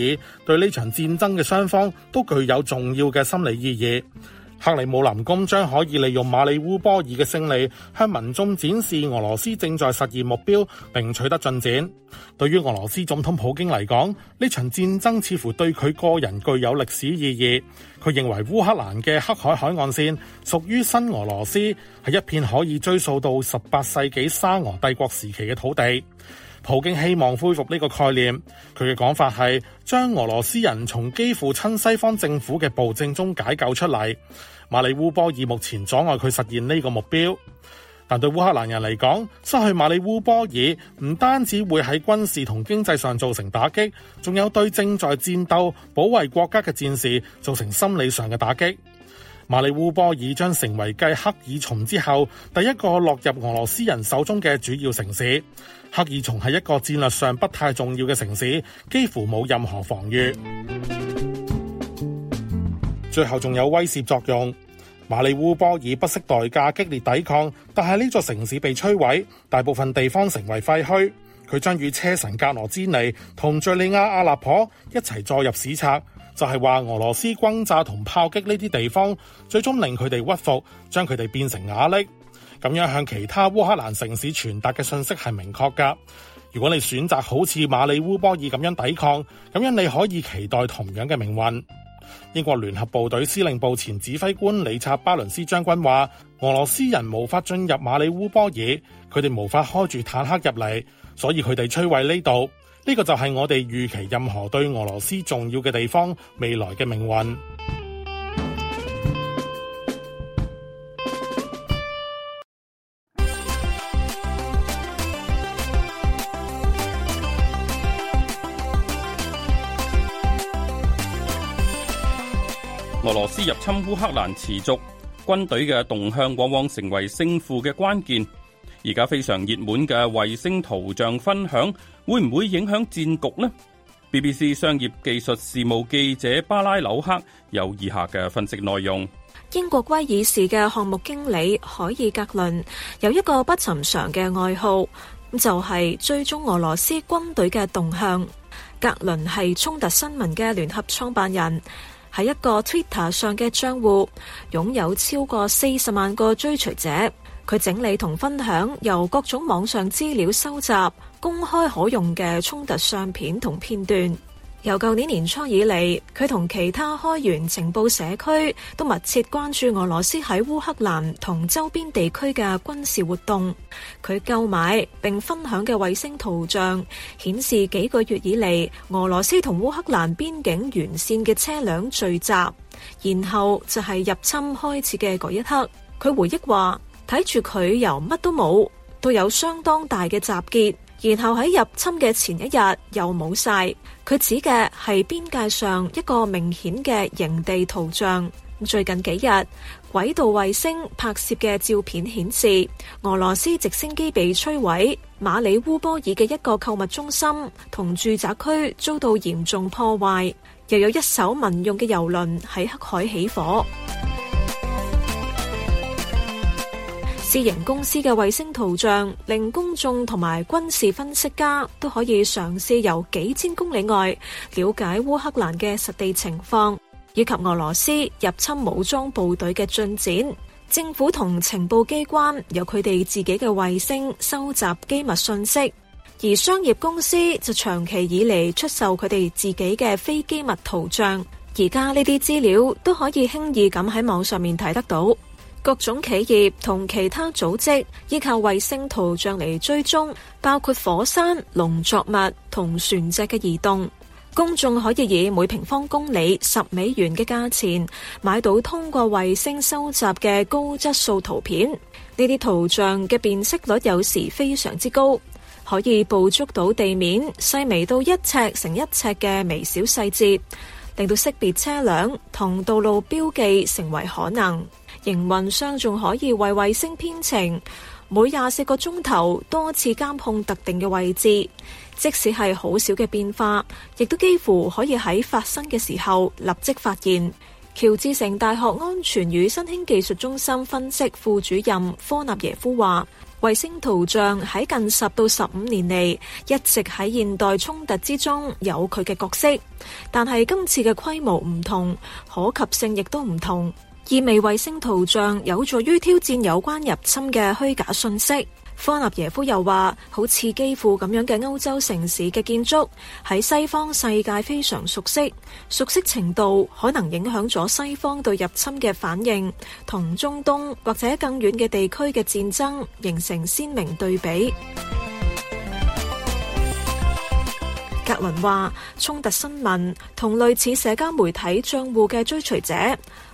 對呢場戰爭嘅雙方都具有重要嘅心理意義。克里姆林宮將可以利用馬里烏波爾嘅勝利，向民眾展示俄羅斯正在實現目標並取得進展。對於俄羅斯總統普京嚟講，呢場戰爭似乎對佢個人具有歷史意義。佢認為烏克蘭嘅黑海海岸線屬於新俄羅斯，係一片可以追溯到十八世紀沙俄帝國時期嘅土地。普京希望恢復呢個概念，佢嘅講法係將俄羅斯人從幾乎親西方政府嘅暴政中解救出嚟。馬里烏波爾目前阻礙佢實現呢個目標，但對烏克蘭人嚟講，失去馬里烏波爾唔單止會喺軍事同經濟上造成打擊，仲有對正在戰鬥保衛國家嘅戰士造成心理上嘅打擊。馬里烏波爾將成為繼克爾松之後第一個落入俄羅斯人手中嘅主要城市。克爾松係一個戰略上不太重要嘅城市，幾乎冇任何防禦。最後仲有威懾作用。馬里烏波爾不惜代價激烈抵抗，但係呢座城市被摧毀，大部分地方成為廢墟。佢將與車臣格羅茲尼同敘利亞阿勒頗一齊載入史冊。就係話俄羅斯轟炸同炮擊呢啲地方，最終令佢哋屈服，將佢哋變成瓦礫。咁樣向其他烏克蘭城市傳達嘅信息係明確噶。如果你選擇好似馬里烏波爾咁樣抵抗，咁樣你可以期待同樣嘅命運。英國聯合部隊司令部前指揮官里察巴倫斯將軍話，俄羅斯人無法進入馬里烏波爾，佢哋無法開住坦克入嚟，所以佢哋摧毀呢度。呢個就係我哋預期任何對俄羅斯重要嘅地方未來嘅命運。俄羅斯入侵烏克蘭持續，軍隊嘅動向往往成為勝負嘅關鍵。而家非常熱門嘅衛星圖像分享。會唔會影響戰局呢？BBC 商業技術事務記者巴拉紐克有以下嘅分析內容。英國威爾士嘅項目經理海爾格倫有一個不尋常嘅愛好，就係、是、追蹤俄羅斯軍隊嘅動向。格倫係衝突新聞嘅聯合創辦人，係一個 Twitter 上嘅賬戶，擁有超過四十萬個追隨者。佢整理同分享由各種網上資料收集。公開可用嘅衝突相片同片段，由舊年年初以嚟，佢同其他開源情報社區都密切關注俄羅斯喺烏克蘭同周邊地區嘅軍事活動。佢購買並分享嘅衛星圖像顯示，幾個月以嚟，俄羅斯同烏克蘭邊境沿線嘅車輛聚集，然後就係入侵開始嘅嗰一刻。佢回憶話，睇住佢由乜都冇到有，有相當大嘅集結。然後喺入侵嘅前一日又冇晒，佢指嘅係邊界上一個明顯嘅營地圖像。咁最近幾日，軌道衛星拍攝嘅照片顯示，俄羅斯直升機被摧毀，馬里烏波爾嘅一個購物中心同住宅區遭到嚴重破壞，又有一艘民用嘅油輪喺黑海起火。私營公司嘅衛星圖像，令公眾同埋軍事分析家都可以嘗試由幾千公里外了解烏克蘭嘅實地情況，以及俄羅斯入侵武裝部隊嘅進展。政府同情報機關有佢哋自己嘅衛星收集機密信息，而商業公司就長期以嚟出售佢哋自己嘅非機密圖像。而家呢啲資料都可以輕易咁喺網上面睇得到。各種企業同其他組織依靠衛星圖像嚟追蹤，包括火山、農作物同船隻嘅移動。公眾可以以每平方公里十美元嘅價錢買到通過衛星收集嘅高質素圖片。呢啲圖像嘅辨識率有時非常之高，可以捕捉到地面細微到一尺乘一尺嘅微小細節，令到識別車輛同道路標記成為可能。營運商仲可以為衛星編程，每廿四個鐘頭多次監控特定嘅位置，即使係好少嘅變化，亦都幾乎可以喺發生嘅時候立即發現。喬治城大學安全與新興技術中心分析副主任科納耶夫話，衛星圖像喺近十到十五年嚟一直喺現代衝突之中有佢嘅角色，但係今次嘅規模唔同，可及性亦都唔同。意味衛星圖像有助於挑戰有關入侵嘅虛假信息。科納耶夫又話：，好似基輔咁樣嘅歐洲城市嘅建築，喺西方世界非常熟悉，熟悉程度可能影響咗西方對入侵嘅反應，同中東或者更遠嘅地區嘅戰爭形成鮮明對比。 格倫話：，衝突新聞同類似社交媒體賬戶嘅追隨者。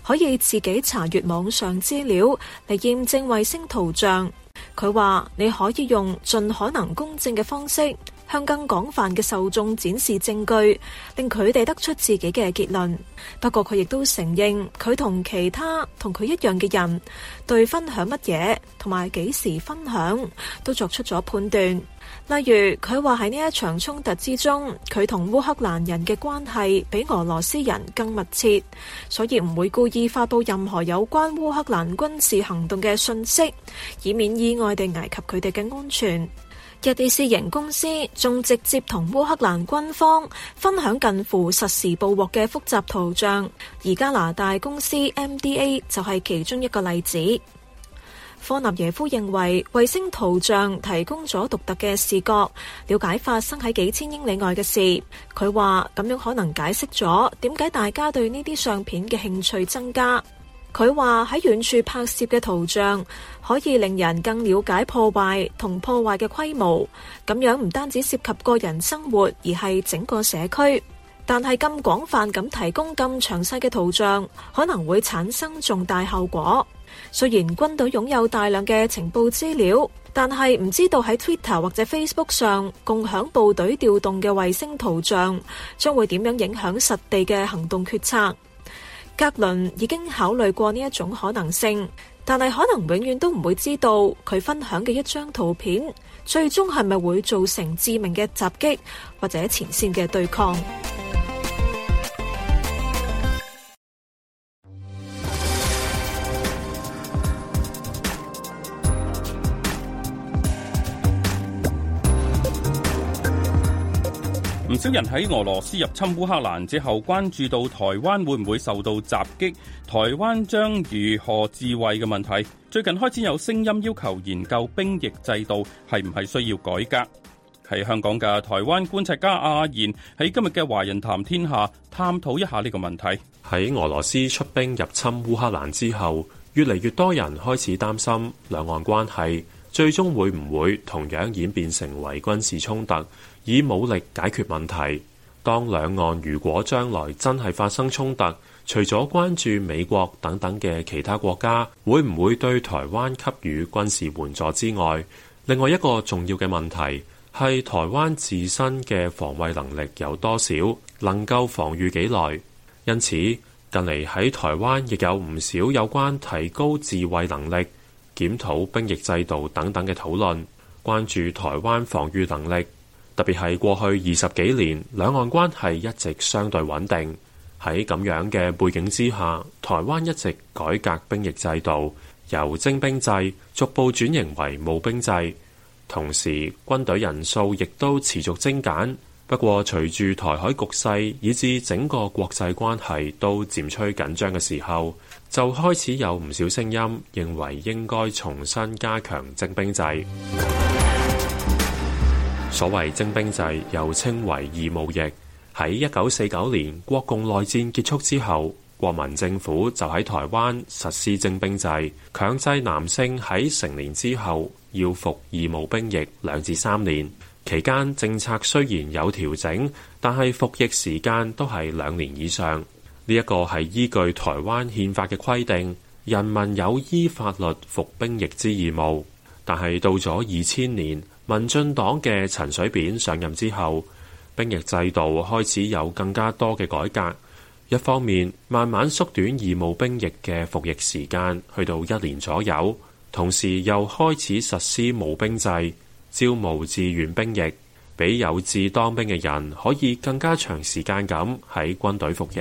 可以自己查閱網上資料嚟驗證衛星圖像。佢話你可以用盡可能公正嘅方式，向更廣泛嘅受眾展示證據，令佢哋得出自己嘅結論。不過佢亦都承認，佢同其他同佢一樣嘅人，對分享乜嘢同埋幾時分享，都作出咗判斷。例如，佢話喺呢一場衝突之中，佢同烏克蘭人嘅關係比俄羅斯人更密切，所以唔會故意發佈任何有關烏克蘭軍事行動嘅信息，以免意外地危及佢哋嘅安全。日地私營公司仲直接同烏克蘭軍方分享近乎實時捕獲嘅複雜圖像，而加拿大公司 MDA 就係其中一個例子。科納耶夫認為衛星圖像提供咗獨特嘅視覺，了解發生喺幾千英里外嘅事。佢話咁樣可能解釋咗點解大家對呢啲相片嘅興趣增加。佢話喺遠處拍攝嘅圖像可以令人更了解破壞同破壞嘅規模，咁樣唔單止涉及個人生活，而係整個社區。但係咁廣泛咁提供咁詳細嘅圖像，可能會產生重大後果。雖然軍隊擁有大量嘅情報資料，但係唔知道喺 Twitter 或者 Facebook 上共享部隊調動嘅衛星圖像，將會點樣影響實地嘅行動決策。格倫已經考慮過呢一種可能性，但係可能永遠都唔會知道佢分享嘅一張圖片最終係咪會造成致命嘅襲擊或者前線嘅對抗。唔少人喺俄羅斯入侵烏克蘭之後，關注到台灣會唔會受到襲擊，台灣將如何自衛嘅問題。最近開始有聲音要求研究兵役制度，係唔係需要改革？喺香港嘅台灣觀察家阿賢喺今日嘅《華人談天下》探討一下呢個問題。喺俄羅斯出兵入侵烏克蘭之後，越嚟越多人開始擔心兩岸關係最終會唔會同樣演變成為軍事衝突。以武力解決問題。當兩岸如果將來真係發生衝突，除咗關注美國等等嘅其他國家會唔會對台灣給予軍事援助之外，另外一個重要嘅問題係台灣自身嘅防衛能力有多少，能夠防禦幾耐？因此近嚟喺台灣亦有唔少有關提高自衛能力、檢討兵役制度等等嘅討論，關注台灣防禦能力。特別係過去二十幾年，兩岸關係一直相對穩定。喺咁樣嘅背景之下，台灣一直改革兵役制度，由徵兵制逐步轉型為募兵制，同時軍隊人數亦都持續精簡。不過，隨住台海局勢以至整個國際關係都漸趨緊張嘅時候，就開始有唔少聲音認為應該重新加強徵兵制。 所謂徵兵制，又稱為義務役，喺一九四九年國共內戰結束之後，國民政府就喺台灣實施徵兵制，強制男性喺成年之後要服義務兵役兩至三年。期間政策雖然有調整，但係服役時間都係兩年以上。呢一個係依據台灣憲法嘅規定，人民有依法律服兵役之義務。但係到咗二千年，民進黨嘅陳水扁上任之後，兵役制度開始有更加多嘅改革。一方面，慢慢縮短義務兵役嘅服役時間，去到一年左右；同時又開始實施募兵制，招募志願兵役，俾有志當兵嘅人可以更加長時間咁喺軍隊服役。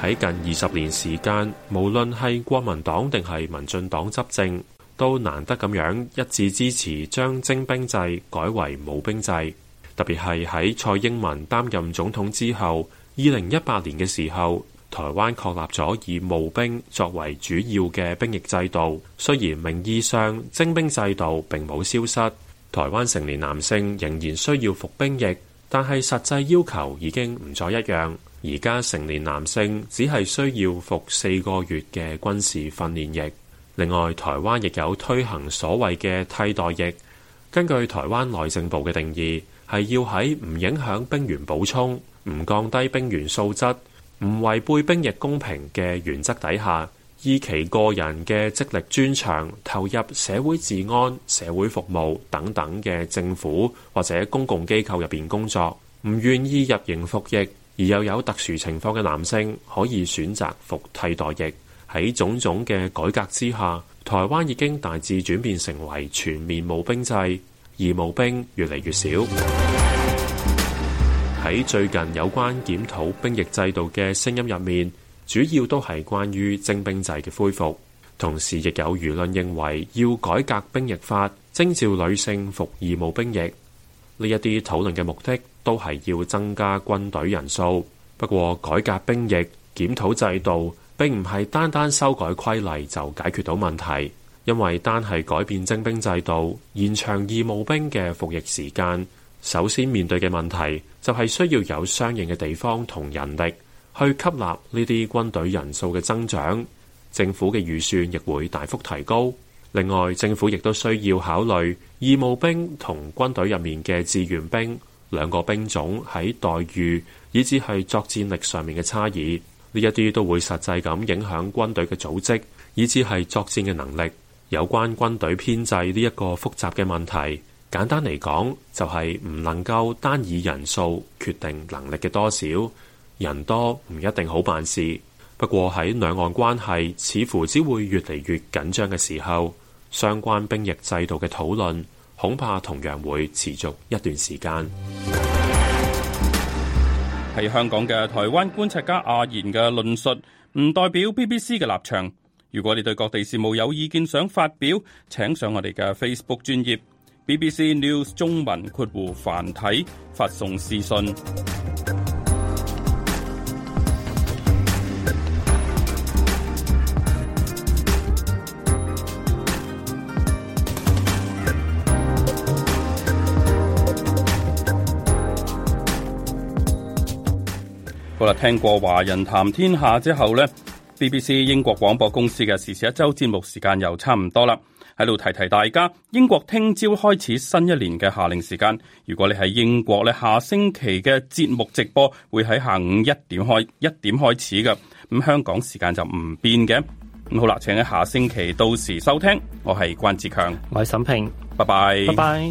喺近二十年時間，無論係國民黨定係民進黨執政。都難得咁樣一致支持將徵兵制改為募兵制，特別係喺蔡英文擔任總統之後，二零一八年嘅時候，台灣確立咗以募兵作為主要嘅兵役制度。雖然名義上徵兵制度並冇消失，台灣成年男性仍然需要服兵役，但係實際要求已經唔再一樣。而家成年男性只係需要服四個月嘅軍事訓練役。另外，台灣亦有推行所謂嘅替代役。根據台灣內政部嘅定義，係要喺唔影響兵員補充、唔降低兵員素質、唔違背兵役公平嘅原則底下，依其個人嘅職力專長，投入社會治安、社會服務等等嘅政府或者公共機構入邊工作，唔願意入營服役而又有，有特殊情況嘅男性，可以選擇服替代役。喺種種嘅改革之下，台灣已經大致轉變成為全面募兵制，義務兵越嚟越少。喺 最近有關檢討兵役制度嘅聲音入面，主要都係關於徵兵制嘅恢復，同時亦有輿論認為要改革兵役法，徵召女性服義務兵役。呢一啲討論嘅目的都係要增加軍隊人數。不過，改革兵役、檢討制度，並唔係單單修改規例就解決到問題，因為單係改變徵兵制度、延長義務兵嘅服役時間，首先面對嘅問題就係需要有相應嘅地方同人力去吸納呢啲軍隊人數嘅增長，政府嘅預算亦會大幅提高。另外，政府亦都需要考慮義務兵同軍隊入面嘅志願兵，兩個兵種喺待遇以至係作戰力上面嘅差異。呢一啲都會實際咁影響軍隊嘅組織，以至係作戰嘅能力。有關軍隊編制呢一個複雜嘅問題，簡單嚟講就係唔能夠單以人數決定能力嘅多少。人多唔一定好辦事。不過喺兩岸關係似乎只會越嚟越緊張嘅時候，相關兵役制度嘅討論恐怕同樣會持續一段時間。係香港嘅台灣觀察家阿言嘅論述，唔代表 BBC 嘅立場。如果你對各地事務有意見想發表，請上我哋嘅 Facebook 專頁 BBC News 中文括弧繁體發送私信。好啦，聽過華人談天下之後呢 BBC 英國廣播公司嘅時事一周節目時間又差唔多啦，喺度提提大家，英國聽朝開始新一年嘅夏令時間，如果你喺英國咧，下星期嘅節目直播會喺下午一點開，一點開始噶，咁香港時間就唔變嘅，咁好啦，請喺下星期到時收聽，我係關志強，我係沈平，拜拜拜。